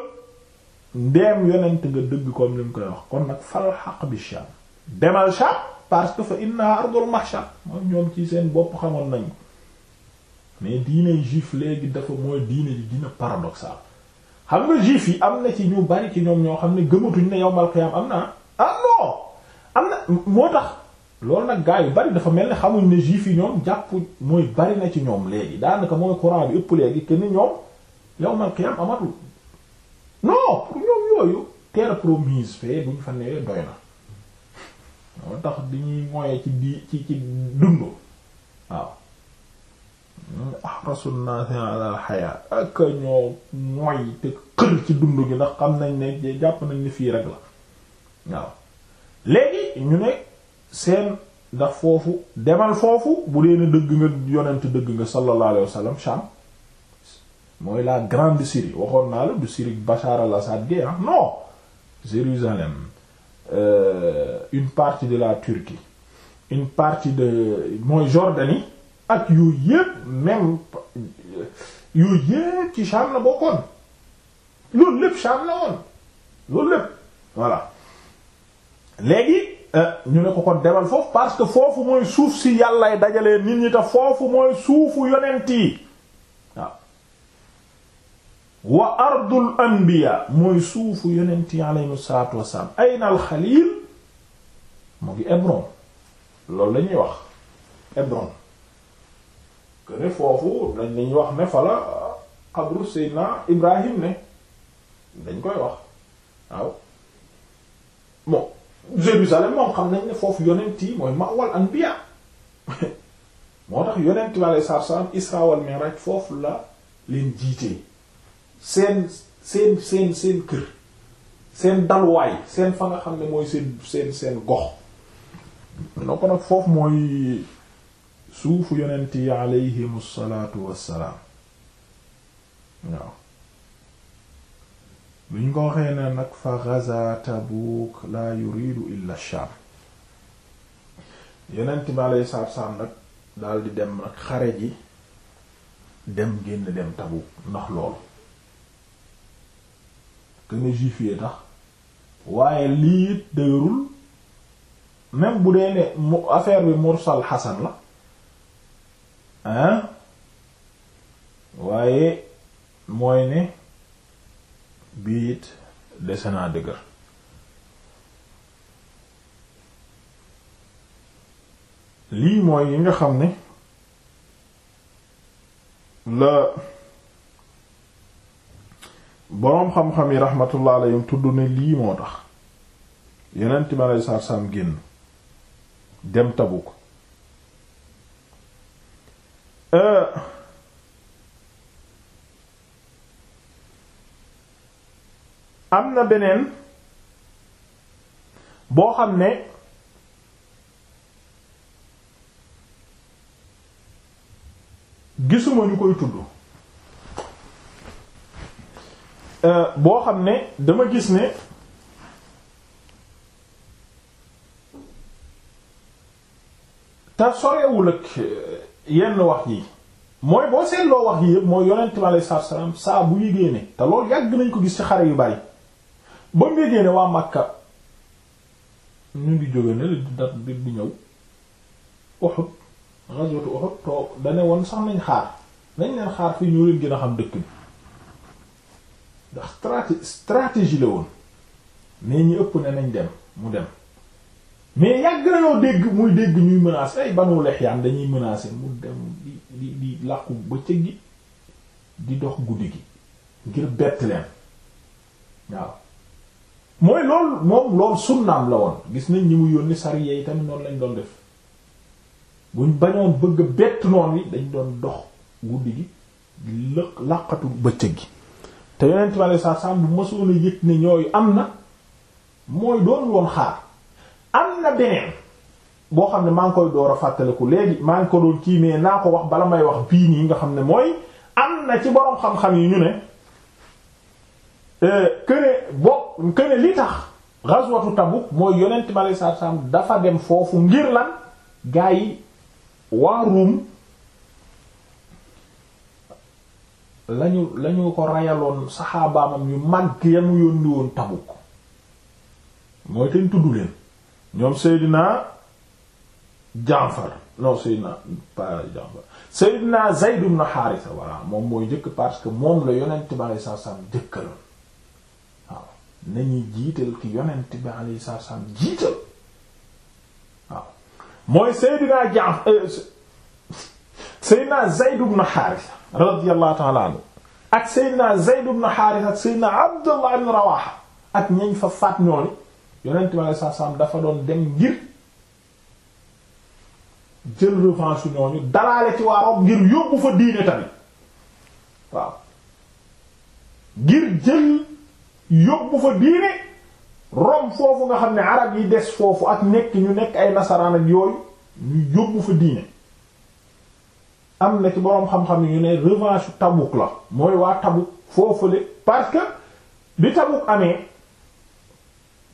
[SPEAKER 1] ndeem yonent nga dëgg comme ni mu koy wax kon nag fal xaq bi Sham demal Sham parce que fa inna ardul mahshar moom ñoom ci seen bopp xamoon nañu mais diine juif léegi dafa mooy diine dina paradoxal xam nga juif yi am na ci ñu bari ci ñoom ñoo xam ne gëmatuñ ne yawmal qiyaam am na ah. ah non am na moo tax loolu nag gaa yu bari dafa mel ne xamuñ ne juif yi ñoom jàpp mooy bari na ci ñoom léegi daanaka mooy courant bi ëpp léegi kenn ñoom. yawmal qiyaam amatul non pour ñoom yooyu terre promise fee bu ñu fa newee doy na moo tax diñuy moyee ci di ci ci dund waaw ahrasun nas ala haya ak ñoo moy te xër ci dund gi ndax xam nañ ne jàpp nañ ni fii rek la waaw léegi ñu ne seen ndax foofu demal foofu bu dee ne dëgg nga yonent dëgg nga sallallahu alayhi wasallam mooy la grande Syrie waxoon naa la du Syrie Bachar al-Assad gay ah Jérusalem euh, une partie de la Turquie une partie de mooy Jordanie ak yooyu yépp même euh, yooyu yépp ci Sham la bokkoon loolu lépp Sham la woon loolu lépp voilà léegi euh, ñu ne ko kon demal foofu parce que foofu mooy suuf si yàllay dajalee nit ñi te foofu mooy suufu yonent yi wa ardul anbiya mooy suufu yonent yi aleyhim salaatu wasalaam ayna al xaliil ngi Hebron loolu la wax Hebron kuene foofu dañ lañuy wax ne fa la xabru seydna Ibrahim ne dañ koy wax waaw bon Jérusalem moom xam nañ ne foofu yonent yi mooy mawal anbiya moo tax yonent bi aleyhis salaatu wasalaam Isra wal Mi'raj foofu la leen jiitee seen seen seen seen kër seen dalwaay seen fa nga xam ne mooy seen seen seen gox noo ko nag foofu mooy suufu yonent yi aleyhimu salaatu wassalaam waaw bi ñu ko waxee ne nag fa gaza Tabuuk laa yuridu illa Shaam yonent bi aleyhi salaatu wassalaam nag daal di dem nag xare ji dem génn dem Tabuuk ndax loolu que ne juif yi tax waaye lii it dëgërul même bu dee ne mu affaire bi mursal xasan la hein waaye mooy ne bii it dese naa dëgër lii mooy yi nga xam ne la boroom xam-xam yi rahmatullah alayhim tudd ne lii moo tax yonent mi alayhi salaatu salaam génn dem Tabuk euh, am na beneen boo xam ne gisuma ñu koy tudd Euh, boo xam ne dama gis ne te sorewul ak euh, yenn wax yi mooy boo seetloo wax yi yëpp mooy yonent bi aleyhi saa bu yégée ne te loolu yàgg nañ ko gis ci xare yu bari ba mu yégée ne waa Makka ñu ngi jóge ne li dat bi di ñëw Uhud ghazwatu Uhud to dane woon sax nañ xaar nañ leen xaar fii ñoo leen gën a xam dëkk bi ndax stratégie la woon mais ñi ëpp ne nañ dem mu dem mais yàgg nañoo dégg muy dégg ñuy menacer ay Banu Lihyaan dañuy menacer mu dem di di di làqu bëccëg gi di dox guddi gi ngir bett leen waaw mooy lool moom lool sunnaam la woon gis nañ ñi mu yónni sariya yi tamit noonu lañ doon def buñ bañoon bëgg bett noon wi dañ doon dox guddi gi lëq làqatu bëccëg gi te yonent bi alei satu salaam bu mësoon a yëg ne ñooyu am na mooy doon woon xaar am na beneen boo xam ne maa ngi koy door a fàttaliku léegi maa ngi ko doon kii mais naa ko wax bala may wax bii nii nga xam ne mooy am na ci boroom xam-xam yi ñu ne këne euh, bo këne li tax ghazwatu tabu mooy yonent bi alei satu dafa dem foofu ngir lan gaa yi waa Ruum lañu lañu ko rayaloon saxaabaamam yu màgg ya mu yónni woon Tabuk mooy ten tudd leen ñoom Seydina Jaafar non Seydina pas Jaafar Seydina Zayd ibn Haarisa voilà moom mooy njëkk parce que moom la yonent bi alayhi salaatu salaam waaw nañuy jiital ki yonent bi alayhi salaatu jiital waaw mooy Seydina Jaafar euh, Seydina Zayd ibn Haarisa radiyallahu ta'ala anhu ak Seydina Zayd ibn Haaris ak Seydina Abdullah ibn Rawaha ak ñañ fa faat ñooni yonent bi alayhi salaam dafa doon dem ngir jël revanche su ñooñu dalaale ci waa Room ngir yóbbu fa diine tamit waaw ngir jël yóbbu fa diine Room foofu nga xam ne arab yi des foofu ak nekk ñu nekk ay nasaraan ak yooyu ñu yóbbu fa diine am na ci boroom xam-xam yu ne revanche Tabuk la mooy waa Tabuk foofu parce que bi Tabuk amee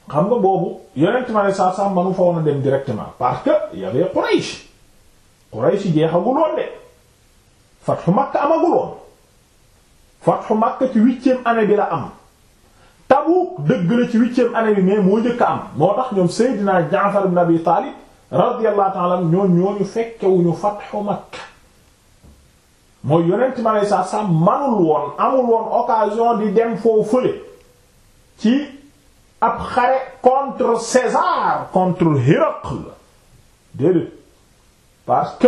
[SPEAKER 1] xam nga boobu yonent ma ne saa saa manu fa woon a dem directement parce que y'avait Quraysh Quraysh jeexaguloon de fatxu Makka amaguloon fatxu Makka ci huitième année bi la am Tabuk dëgg la ci huitième année bi mais moo njëkk am moo tax ñoom Seydina Jaafar ibn Abi Taalib radiyallahu ta'ala ñoo ñooñu fekkewuñu fatxu Makka moo yonent ma lay sax sax manul woon amul woon occasion di dem foo fële ci ab xare contre César contre Héracle déedéet parce que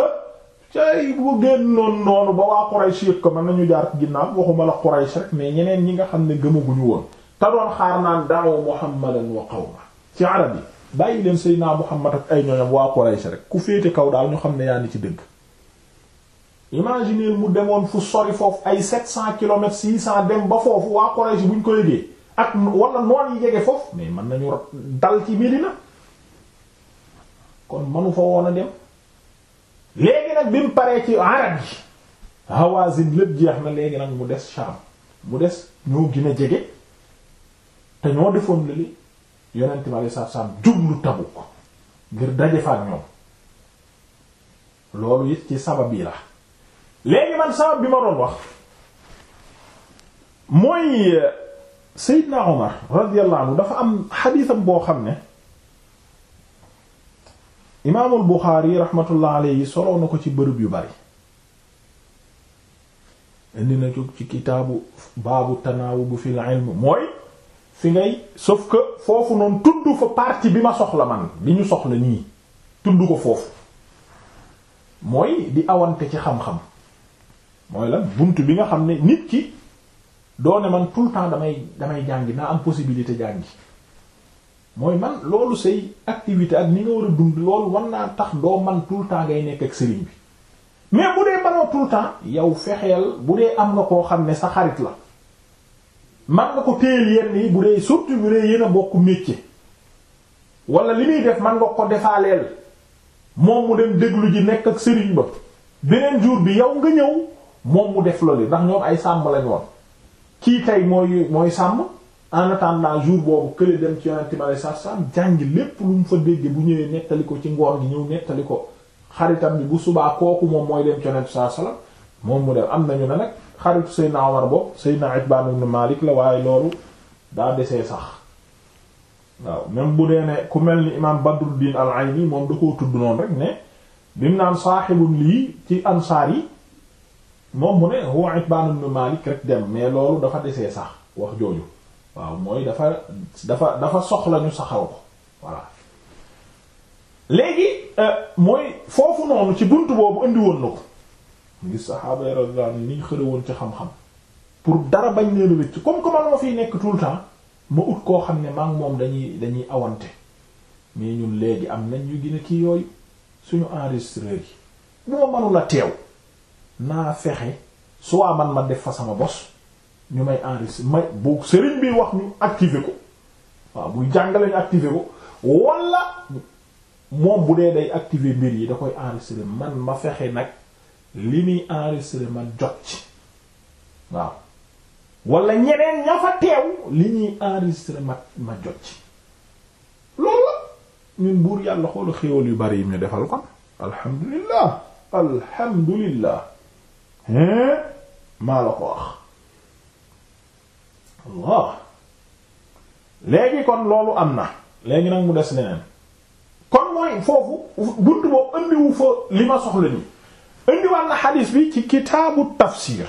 [SPEAKER 1] cay bu génnoon noonu ba waa Quraysh yëpp ko mën nañu jaar ci ginnaaw waxuma la Quraysh rek mais ñeneen ñi nga xam ne gëmaguñu woon te doon xaar naan daaw Muhammadan wa qawma ci arab yi bàyyi leen Seydina Muhammad ak ay ñoñam waa Quraysh rek ku féete kaw daal ñu xam ne yaa ngi ci dëgg imaginez mu demoon fu sori foofu ay sept cent kilomètres six cent dem ba foofu waa bu ñu ko yëgee ak wala noon yi jege foofu mais mën nañu dal ci Medina kon mënu fa woon a dem léegi nag bi mu paree ci arab yi Hawazin lépp jeex na léegi nag mu des Sham mu des ñoo gin a jege te ñoo defoon la li yonent bi alei jublu Tabuk ngir daje ñoom loolu it ci sabab yi la léegi man sabab bi ma doon wax mooy euh, Seydina Omar radiyallahu dafa am xadiisam boo xam ne imaamul Buxaari rahmatullah yi soloo na ko ci bërëb yu bari indi na ko ci kitaabu baabu tanaawub fil ilm mooy fi ngay sauf foofu noonu tudd fa partie bi ma soxla man bi ñu soxla nii tudd ko foofu mooy di awante ci xam-xam mooy la bunt bi nga xam ne nit ki doone man tout le temps damay damay jàngi naa am possibilité jàngi mooy man loolu say activité ak ni nga war a dund loolu war naa tax doo man tout le temps ngay nekk ak sëriñ bi mais bu dee manoo tout le temps fexeel bu dee am nga koo xam ne sa xarit la man nga ko téyel yenn yi bu dee surtout bu yéen a bokk métier wala li muy def man nga ko defaaleel moom mu dem déglu ji nekk ak sëriñ ba beneen jour bi yow nga ñëw moom mu def loolu ndax ñoom ay sàmm lañ kii tey mooy mooy sàmm en attendant jour boobu kële dem ci yonent ma sa sam jàng lépp lu mu fa dégge bu ñëwee nettali ko ci ngoor gi ñëw nettali ko xaritam bi bu subaa kooku moom mooy dem ci yonent saa salaam moom mu dem am nañu ne nag xaritu Seydina Omar bopp Seydina Itbaan ibn Malik la waaye loolu daa desee sax waaw même bu dee ne ku mel ni imaam Badruddin al-Ayni moom da koo tudd noonu rek ne bi mu naan saaxibun ci ansaar yi moom mu ne huwa Itbaan ibn Maalik rek dem mais loolu dafa desee sax wax jooju waaw mooy dafa dafa dafa soxla ñu saxal ko voilà léegi euh, mooy foofu noonu ci bunt boobu indi woon na ko gis saxaaba radiyallahu ni xëre ci xam-xam pour dara bañ leen rëcc comme que man ma nekk tout le temps ma ut koo xam ne maa moom dañuy dañuy awante mais ñun léegi am nañ ñu gën a kii yooyu suñu enregistreur yi bu ma mënula teew naa fexe soit man ma def fa sama bos ñu may enregistré may bi wax ñu activer ko waaw mu jàngale ñu activer ko wala moom bu dee day activer mbir yi da koy enregistré man ma fexe nag li muy enregistré man jot ci waaw wala ñeneen ña fa teew li ñuy enregistré ma ma jot ci loolu ñun buur yàlla xoolu xéewal yu bari yi ñu defal kon alhamdulillah alhamdulillah maa la ko wax Allah léegi kon loolu am na léegi nag mu des leneen kon mooy foofu bunt boobu indiwu fa li ma soxla nii indiwaat na xadiis bi ci kitaabu tafsir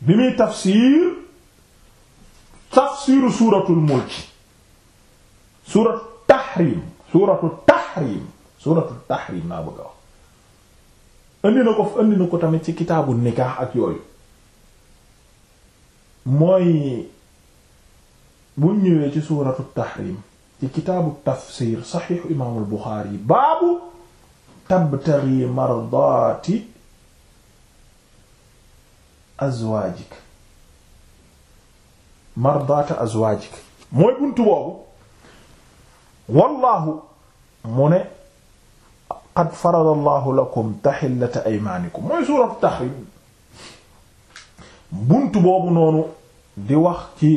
[SPEAKER 1] bi muy tafsir tafsiru suuratul mulk suuratu tahrim suuratu tahrim suuratu tahrim naa bëgg a wax indi na ko tamit ci kitaabu nikaax ak yooyu mooy buñ ñëwee ci suuratu tahrim ci kitaabu tafsir saxiixu imaamul buxaari baabu tabtaghi mardaati azwaajik mardaata azwaajik mooy buntu boobu wallaahu mu qad farada allahu lakum taxillata aymaanikum mooy suuratu tahrim bunt boobu noonu di wax ci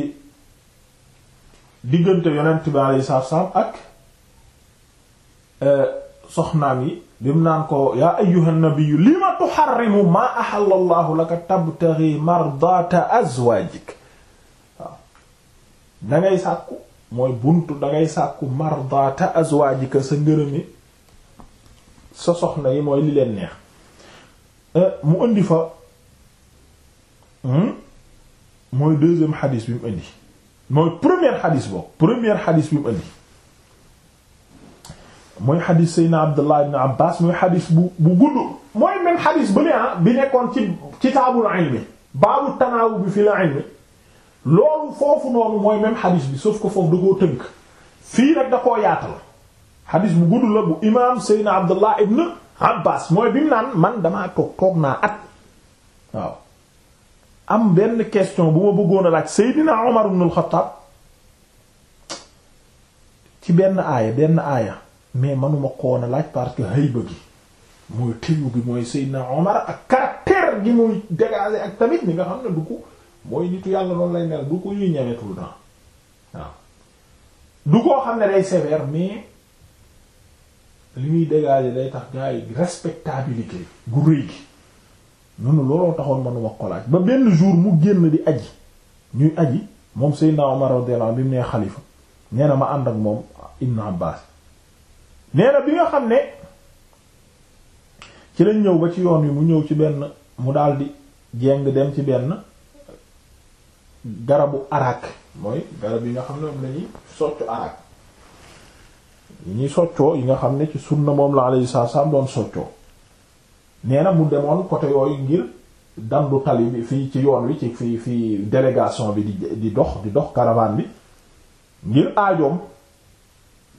[SPEAKER 1] diggante yonent bi alayhi salaatu salaam ak euh, soxnaam yi bim naan ko yaa ayyuha nabiyyu lima tuharrimu maa ahalla allahu laka tabtaghi mardaata azwaajik waaw dangay sàkku mooy buntu dangay sàkku mardaata azwaajika sa ngërëmi sa soxna yi mooy li leen neex euh, mu indi fa hmm? mooy deuxième xadis bi mu indi mooy première xadis boobu première xadis bi mu indi mooy xadis Seydina Abdullah bu bu ah, bi nekkoon ci kitaabul ilmi baabu tanaawu bi fil ilmi loolu foofu noonu mooy même xadis bi sof ko foofu da koo tënk fii nag da koo yaatal xadis bu gudd la bu imaam Seydina Abdullah ibn Abbas mooy bi mu naan man damaa toog toog naa at waaw am benn question bu ma bëggoon a laaj Seydina Omar ibn al-Khattab ci benn aaya benn aaya mais manuma koon laaj parce que gi mooy tëyu gi mooy Seydina Omar ak caractère gi muy dégager ak tamit ni nga xam ne du mooy nitu yàlla noonu lay mel du ñuy ñëwee tout le waaw du koo xam ne day sévère mais. li muy dégager day tax gars yi respectabilité gu rëy gi noonu looloo taxoon manu wax ko laaj ba benn jour mu génn di aji ñuy aji moom Seydina Omar radiyallahu anhu bi mu nee xalifa nee na ma ànd ak moom Ibn bi nga xam ne ci lañ ñëw ba ci yoon wi mu ñëw ci benn mu daldi jéng dem ci benn garabu arak mooy garab yi nga xam ne moom lañuy soccu arak yi ñuy yi nga xam ne ci sunna moom la saa salaam doon soccoo nee na mu demoon côté yooyu ngir dandu tali bi fii ci yoon wi ci fii fii délégation bi di di dox di dox caravane bi ngir aajoom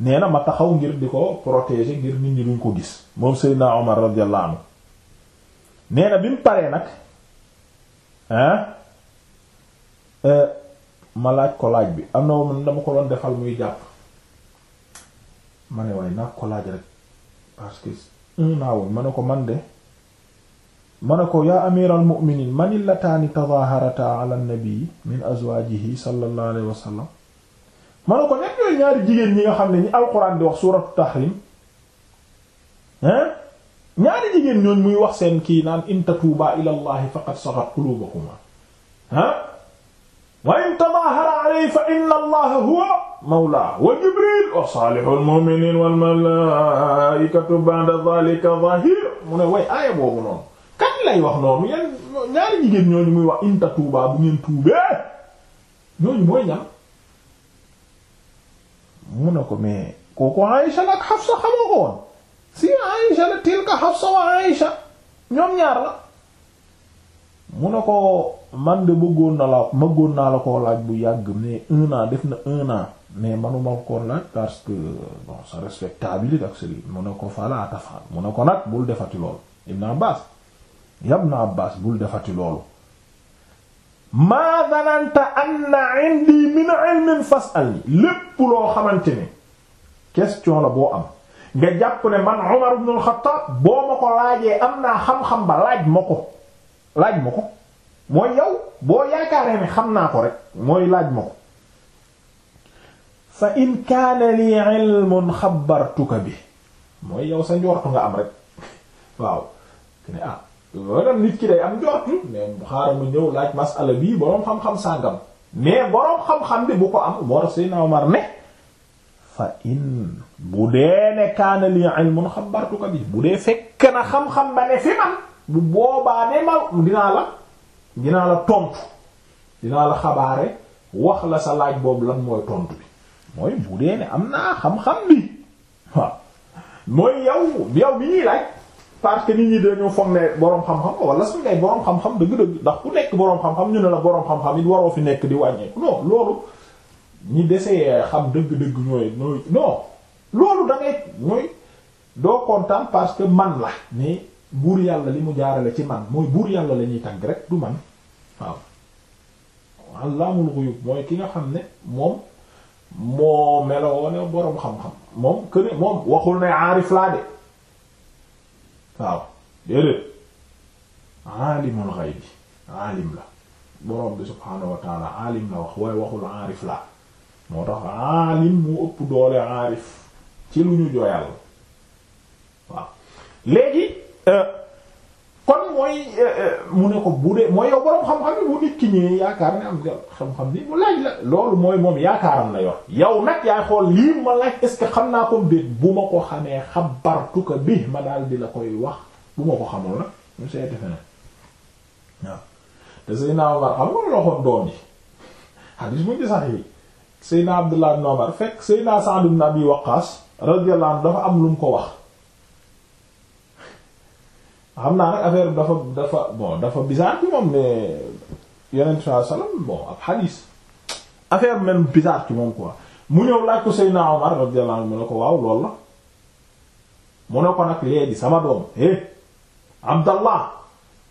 [SPEAKER 1] nee na ma taxaw ngir di ko protéger ngir nit ñi ko gis moom Seydina Omar radiyallahu anhu nee na bi mu euh, ko laaj bi am na dama ko doon defal muy jàpp ma ne waaye naa ko laaj rek parce ko man de ma ne ko yaa amiral mu'minin mani lataani tadaaharata ala nabi min azwaajihi wa sallam ma ko nekk yooyu ñaari jigéen ñi nga xam ne ñi alquran di wax suuratu tahrim hein ñaari jigéen ñoon muy wax seen kii naan in tatuubaa ila allahi faqad sagat qulubukumaa ha wa in huwa mawla wa jibril wa salihul mu'minin wal malaikatu ba'da dhalika zahir mu ne way aaya boobu noonu kan lay wax noonu yan ñaari jigéen ñooñu muy wax inta tuuba bu ngeen tuubee ñooñu mooy ñam mu ne ko mais kooku Aïsha la ak Hafsa xamoo ko woon si Aïsha la tilka Hafsa wa Aïsha ñoom ñaar la mu ne ko man de bëggoon na la bëggoon naa la koo laaj bu yàgg mais un def na un mais manuma ko nag parce que bon sa respectabilité ak seli mu ne ko fala tafal mu ne ko nag bul defati loolu Ibn Abbas Ibn Abbas bul defati loolu maa dananta loo xamante ne question la boo am nga jàpp ne man Umar ibn al boo ma ko laajee am naa xam-xam ba laaj ma ko laaj ma ko mooy yow boo yaakaaree ne xam naa ko rek mooy laaj ma ko fa in kaana lii ilmun xabartuka bi mooy yow sa njortu nga am rek waaw ne ah borom nit ki day am njortu mais xaaral mu ñëw laaj masala bii boroom xam-xam sàngam mais boroom xam-xam bi bu ko am moo tax Seydina Omar ne fa in bu dee ne kaana li bi bu dee fekk na xam-xam ba ne fi man bu boobaa ne ma dinaa la dinaa la tontu dinaa la xabaare wax la sa laaj boobu lan mooy tontu bi mooy bu dee ne am naa xam-xam bi waaw mooy yow yow bi ñuy laaj parce que nit ñi dañoo foog ne boroom xam-xam wala su ngay boroom xam-xam dëgg-dëgg ndax ku nekk boroom xam-xam ñu ne la boroom xam-xam it waroo fi nekk di wàññeeku non loolu ñi desee xam dëgg-dëgg ñooy ñooy non loolu da ngay doo kontaan parce que man la ni buur yàlla li mu jaarale ci man mooy buur yàlla la ñuy tàgg rek du man waaw allaamul ghuyub mooy ki nga xam ne moom moo meloo ne boroom xam-xam moom que ne moom waxul ne aarif laa de waaw déedéet aalimul ghaybi aalim la boroom bi subhaanahu wa aalim la wax waaye waxul aarif laa moo tax aalim mu ëpp doole aarif ci lu ñu jooyal waaw léegi. Euh, kon mooy euh, euh, mu ne ko bu dee mooy yow boroom xam-xam yi bu nit ki yaakaar ne am nga xam-xam ni mu laaj la loolu mooy moom yaakaaram na yor yow nag yaa xool lii ma laaj est-ce que xam naa ko déet bu ma ko xamee xabartuka bi ma daal di la koy wax bu ma ko xamul nag ñu seeti feneen waaw te Seydina Omar xam nga loxoon doom yi xadiis mu ngi sax yi Seydina Abdullah ibn Omar fekk Seydina Sa'd ibn Abi Waqqas radiyallahu anhu dafa am lu mu ko wax xam naa nag affaire dafa dafa bon dafa bizarre ci moom ne yeneen saa salaam bon ab xadiis affaire même bizarre ci moom quoi mu ñëw laaj ko Seydina Omar radiyallahu anhu mu ne ko waaw loolu la mu ne ko nag léegi sama doom eh Abdallah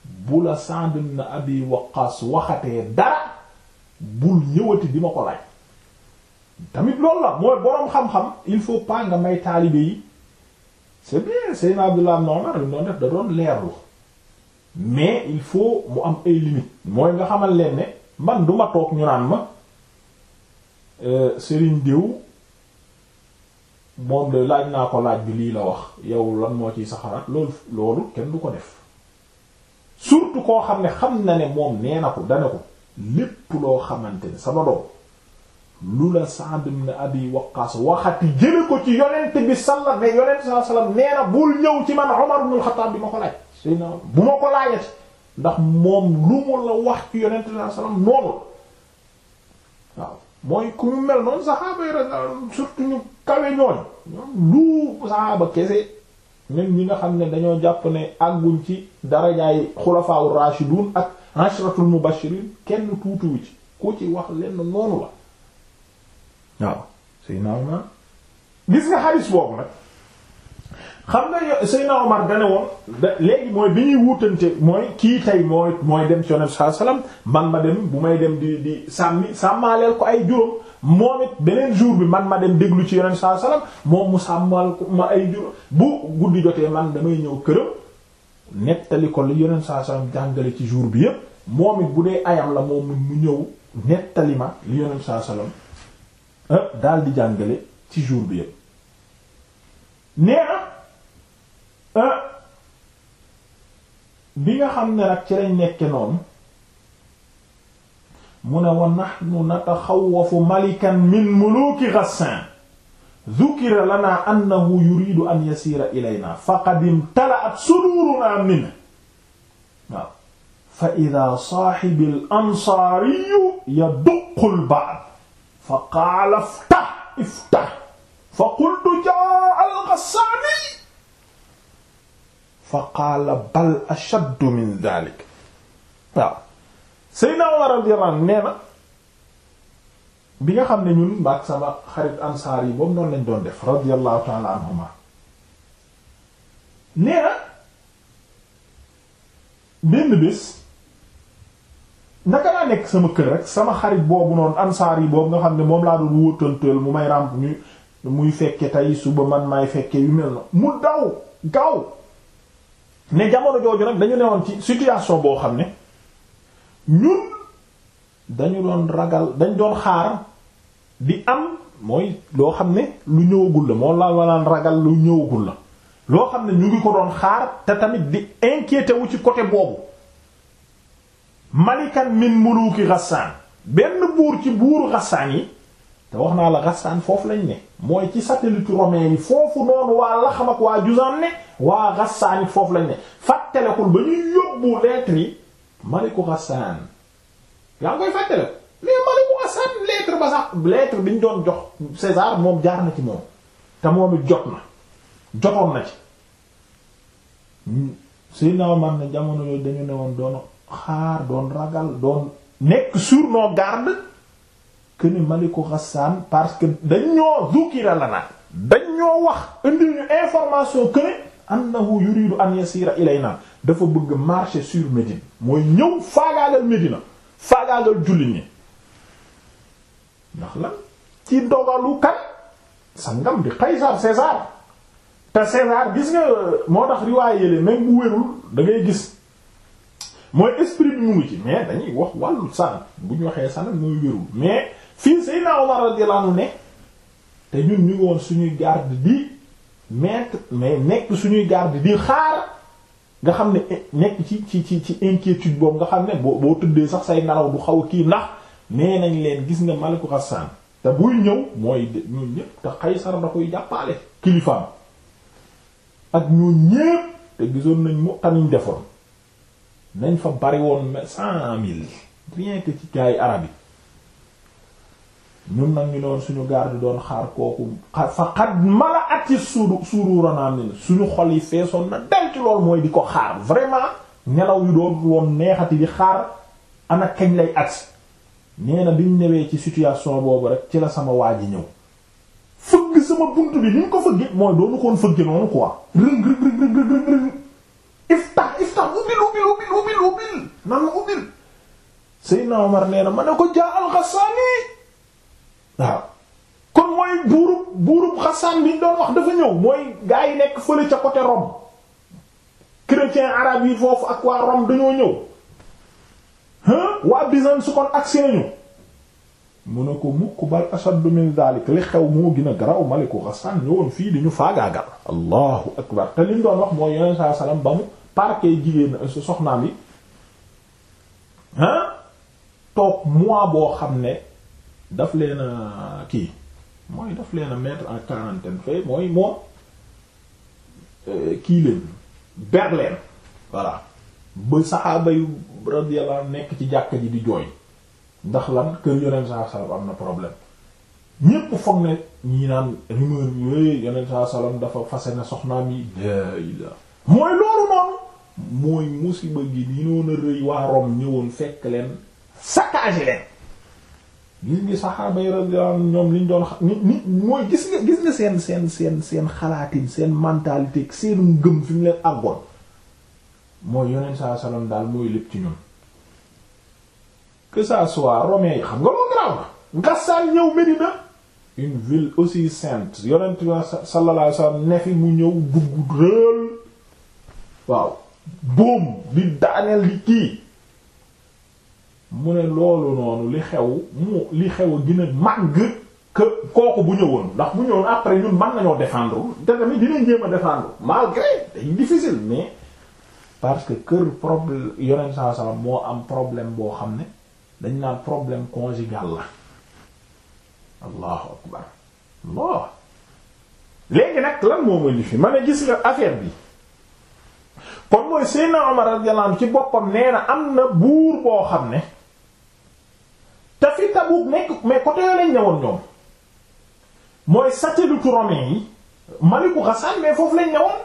[SPEAKER 1] bu la Sa'd ibn Abi waxatee dara bul ñëwati di ma ko laaj tamit loolu la mooy boroom xam-xam il faut pas nga may taalibe yi. c'est bien Seydina Abdullah ibn Umar li doon def da doon leerlu mais il faut mu am ay limites mooy nga xamal leen ne man duma toog ñu naan ma euh, Serigne diw moom de laaj naa ko laaj bi lii la wax yow lan moo ciy saxaraat loolu loolu kenn du ko def surtout koo xam ne xam na ne moom nee na ko dana ko lépp loo xamante ne sama doom lu la Sa'd ibn Abi Waqqas waxati jële ko ci yonent bi sallallahu alayhi yonent sallallahu alayhi wasallam bul ñëw ci man Umar ibn al bi ma ko laaj sëyna bu ma ko laajati ndax moom lu la wax ci yonent sallallahu alayhi mel noonu saxaaba yi radiyallahu ñu kawe ñooñ lu saxaaba kese même ñi nga xam ne dañoo jàpp ne àgguñ ci darajaay xulafaa ur-rashidun ak ashratul mubashirin kenn tuutiwu ci ku ci wax lenn noonu la waaw Seydina Omar gis nga xadis boobu nag xam nga Seydina Omar dane woon léegi mooy bi ñuy wuutante mooy kii tey mooy mooy dem ci Yonent sallallahu alayhi man ma dem bu may dem di sàmmi sàmmaaleel ko ay juróom moom it beneen jour bi man ma dem déglu ci Yonent sallallahu alayhi wasallam moom mu sàmmal ko ma ay juróom bu guddi jotee man damay ñëw këram nettali ko li Yonent sallallahu alayhi wasallam jàngale ci jour bi yëpp moom it bu dee ayam la moom mu ñëw nettali ma li Yonent sallallahu alayhi Euh, daal di jàngale ci jour bi yëpp nee na euh, bi nga xam ne nag ci lañ nekke noonu mu ne wa nahnu nataxawafu malikan min muluki Ghassan dhukira lana annahu yuridu an yasira ilayna faqad imtala'at suduruna minhu waaw fa idha sahibi al-ansari yaduqqu al-ba'd fa qaala iftah iftah fa qultu jaa al-Ghassaani fa qaala bal ashaddu min dhalik waaw Seydina Umar radiyallahu anhu nee na bi nga xam ne ñun mbaag sama xarit ansaar yi boobu noonu lañ doon def radiyallahu ta'ala anhuma nee na benn bés naka laa nekk sama kër rek sama xarit boobu noonu ansaar yi boobu nga xam ne moom laa doon wóotanteel mu may ràmp ñu muy fekke tey suba man maay fekke yu mel noonu mu daw gaaw ne jamono jooju nag dañu newoon ci situation boo xam ne ñun dañu doon ragal dañ doon xaar di am mooy loo xam ne lu ñëwagul la moo laa walaan ragal lu ñëwagul la loo xam ne ñu ngi ko doon xaar te tamit di inquiété ci côté boobu malikan min muluki Ghassan benn buur ci buur Ghassan yi te wax naa la Ghassan foofu lañ ne mooy ci satellite romain yi foofu noonu waa Laxam ak waa Juzan ne waa Ghassan foofu lañ ne fàttalekul ba ñuy yóbbu lettre yi maliku Ghassan yaa ngi koy fàttaleku mais maliku Ghassan lettre ba sax lettre bi ñu doon jox César moom jaar na ci moom te moom it jot na jotoon na ci. Seydina Omar ne jamono yooyu dañu ne woon doon xaar doon ragal doon nekk sur nos gardes que maliku Ghassan parce que dañoo zukira la naan dañoo wax indi ñu information que ne annahu yuridu an yasira ilayna dafa bëgg marché sur Médine mooy ñëw faagaagal Médina faagaagal jullit ñi ndax la ci dogalu kan sangam di Qaysar César te César gis nga moo tax riwaayé même bu wérul da gis mooy esprit bi mu ngi ci mais dañuy wax wàllu sanad bu ñu waxee sanad mooy wérul mais fii Seydina Omar radiyallahu anhu ne te ñun ñu woon suñuy garde di mettre mais nekk suñuy garde di xaar nga xam ne nekk ci ci ci ci inquiétude boobu nga xam ne boo boo tëddee sax say naraw bu xaw a kii ndax mais nañ leen gis nga Maliku Ghassan te buy ñëw mooy ñun ñëpp te Qaysar da koy jàppale kilifaam ak ñun ñëpp te gisoon nañ mu tamiñ defoon nañ fa bari woon cent mille rien que ci gaay arab yi ñun nag ñu doon suñu garde doon xaar kooku fa xat mala at ci suuru suururanaa ni suñu xol yi feesoon na del ci lool mooy di ko xaar vraiment nelaw yu doon woon neexati di xaar ana kañ lay agsi nee na newee ci situation boobu rek ci la sama waa ji ñëw fëgg sama bunt bi ni ko fëgge mooy doonu koon fëgge noonu quoi rëng rëng rëng rëng rëng iftah iftah ubbil ubbil ubbil ubbil ubbil nan la ubbil Seydina Omar nee na ma ne ko jaa al-Ghassani waaw kon mooy buurub buurub Ghassan bi ñu doon wax dafa ñëw mooy gaa yi nekk fële ca côté Rome chrétien arabe yi foofu ak waa Rome dañoo ñëw waa Byzance su kon ak seenu mu ne ko mukk bal ashaddu min dalik li xew moo gën a garaw maliku Ghassan ñëwoon fii di ñu faagaagal allahu akbar te liñ doon wax mooy yoneen saa salaam ba mu parqué jigéen su yi bi toog mois boo xam ne daf leen a kii mooy daf leen a mettre en quarantaine fay mooy moom euh, kii leen ber leen voilà ba saxaaba yu radiyallahu nekk ci jàkka ji di jooy ndax lan kër yonent saa salaam am na problème ñépp foog ne naan rumeur yooyu yonent saa salaam dafa fase ne soxnaam yi la gi ni noon a rëy waa leen saccagé leen gis doon ni seen seen seen seen xalaatin seen seen ngëm fi mu leen àggoon mooy yonent daal mooy lépp ci ñun que ça soit romain yi xam nga loolu garaaw na ngasaan ñëw Médina une ville aussi sainte yonent bi sallallahu alayhi wasallam ne fi mu ñëw dugg rël waaw boom di daaneel di kii mu ne loolu noonu li xew mu li xew a gën a màgg que kooku bu ñëwoon ndax bu ñëwoon après ñun mën nañoo défendre te tamit dinañ jéem a défendre malgré day difficile mais parce que kër problème yonent sallallahu alayhi wasallam moo am problème boo xam ne dañ naa problème conjugal la allahu akbar allah léegi nag lan mooma li fi ma a gis nga affaire bi kon mooy Seydina Omar radiyallahu anhu ci boppam nee na am na buur boo xam ne te fi Tabuk nekk mais côté yoo lañ ñëwoon ñoom mooy satellite romain yi maliku Ghassan mais foofu lañ ñëwoon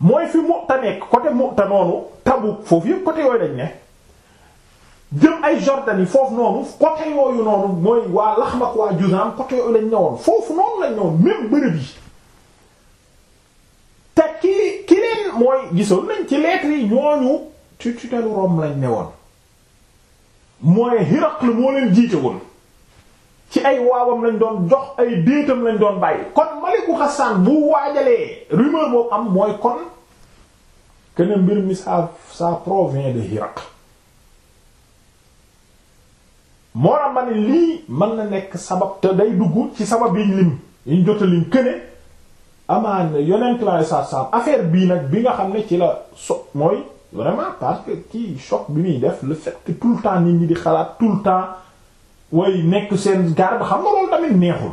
[SPEAKER 1] mooy fi Mu'ta nekk côté Mu'ta noonu Tabuk foofu yëpp côté yooyu lañ ne jëm ay Jordanie foofu noonu côté yooyu noonu mooy waa Laxm ak waa Juzaam côté yooyu lañ ñëwoon foofu noonu lañ ñëwoon même bërëb yi te ki ki leen mooy gisoon nañ ci lettre yi ñooñu ci Rome lañ newoon mooy Hiraql moo leen jiite woon ci ay waawam lañ doon jox ay déetam lañ doon bàyyi kon Maliku Xasaan bu waajalee rumeur boobu am mooy kon que mbir mi ça ça provient de Hiraql moo tax ma ne mën na nekk sabab te day dugg ci sabab yiñ lim yiñ jota lim këne amaan affaire bii nag bi nga xam ne ci la so mooy vraiment parce que bi muy def le tout le temps nit ñi di xalaat tout le temps way nekk seen garde xam nga loolu tamit neexul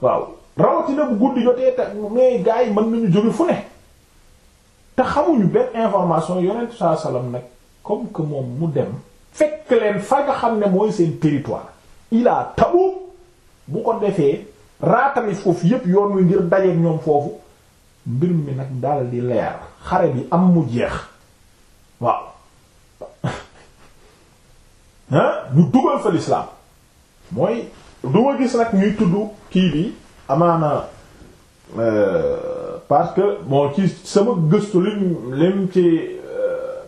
[SPEAKER 1] waaw bu guddi jotee te mais gars yi mën nañu jóge fu ne te xamuñu benn information yonent saa salaam nag comme que moom mu dem fekk leen fa nga xam ne mooy seen territoire ilaa Tabuk bu ko defee raatali foofu yépp yoon wi ngir dajeek ñoom foofu mbir mi nag dal di leer xare bi am mu jeex waaw bu dugal fa lislaam mooy du gis nag ñuy tudd kii bi amaana euh, parce que bon ci sama gëstu lim lim ci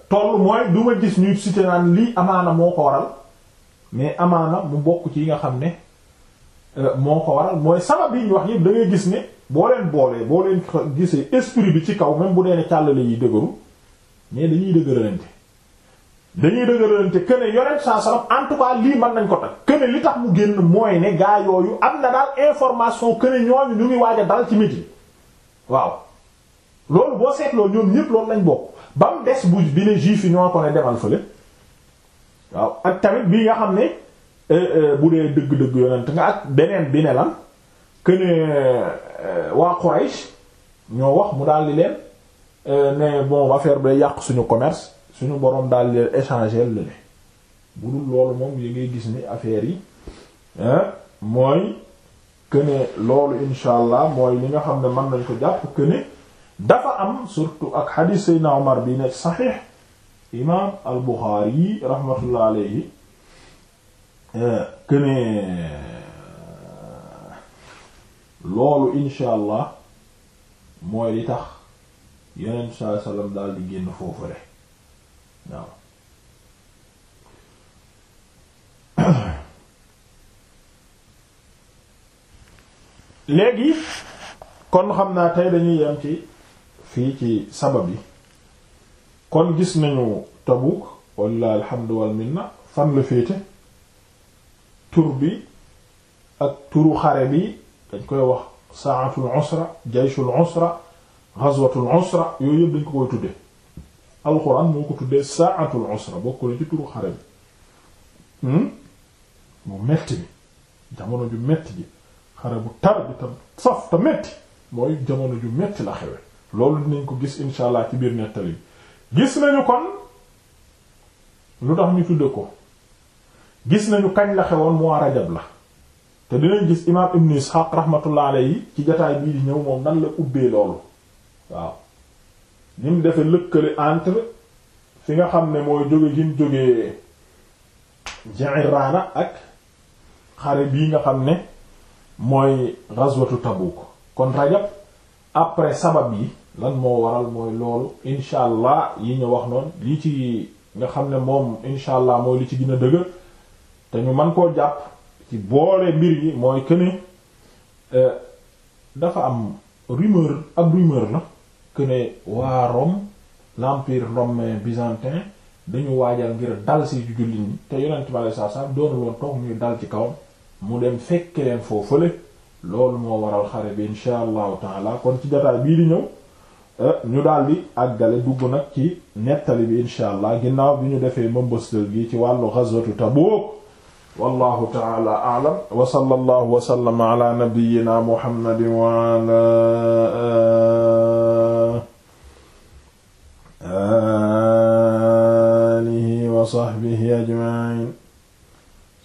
[SPEAKER 1] toll mooy du ma gis ñuy cité naan lii amaana moo ko waral mais amaana mu bokk ci yi nga xam ne euh, moo ko waral mooy sabab yi ñu wax yëpp da gis ne boo leen boolee boo leen gisee esprit bi ci kaw même bu dee ne càllale yi dëgëru mais dañuy dëgëralante dañuy dëgëralante que ne yonent saa salam en tout cas lii mën nañ ko tak que ne li tax mu génn mooy ne gaa yooyu am na daal information que ne ñooñu ñu ngi waaj a dal ci métier waaw loolu boo seetloo ñoom ñëpp loolu lañ bokk. ba mu des bu bi juif yi ñoo ko ne demal fële waaw ak tamit bi nga xam ne euh, euh, bu dee dëgg-dëgg yonent nga ak beneen bi ne lan que euh, waa Quraysh ñoo wax mu daal di leen ne bon affaire bi yàq suñu commerce suñu borom daal di leen échanger lu ne bu dul loolu moom yi ngay gis ni affaire yi mooy que loolu incha allah mooy li nga xam ne mën nañ ko jàpp que dafa am surtout ak xadiis Seydina Omar bi nekk saxiix imaam al Buxaari yi rahmatullah alayhi eh, kënee eh, loolu insha mooy li tax yeneen saa salaam daal di génn foofu rek léegi kon xam naa tey dañuy yem ci fii ci sabab yi kon gis nañu Tabuk walla alhamdu wal minna fan la fiiti tur bi ak turu xare bi dañ koy wax saatul usra jayshul usra ghazwatul usra yooyu yëpp dañ ko koy tuddee alxuraan moo ko tuddee saatul usra bokkul ci turu xare bi hmm? mu metti bi jamono ju metti ji xare bu tar bi tam saf te metti mooy jamono ju metti la xewe loolu dinañ ko gis insha allah ci biir nettali gis nañu kon lu tax ñu tudde ko gis nañu kañ la xewoon mois rajab la te dinañ gis imaam ibnu Isxaaq rahmatullah yi ci jotaay bii di ñëw moom nan la ubbee loolu waaw ni mu defee lëkkale entre fi nga xam ne mooy jóge gi mu jógee Ji'irraana ak xare bii nga xam ne mooy ghazwatu Tabuk kon rajab après sabab yi lan moo waral mooy loolu incha allah yi ñu wax noonu lii ci nga xam ne moom incha allah mooy li ci gën a te ñu man koo jàpp ci boole mbir yi mooy que euh, dafa am rumeur ab rumeur la que ne waa Rome l'empire romain byzantin dañu waajal ngir dal si jullit ñi te yonent bi sallallahu alayhi wasallam doonu loon toog ñuy dal ci kawam mu dem fekke leen foofu fële loolu moo waral xare bi insha allahu taala kon ci jotaay bii di ñëw eh, ñu daldi àggale dugg nag ci nettali bi insha allah ginnaaw bi ñu defee mëmbëstal gi ci wàllu ghazwatu Tabuk wallahu taala a'lam wa sallallahu wa sallama ala wa ala alihi wa sahbihi ajma'in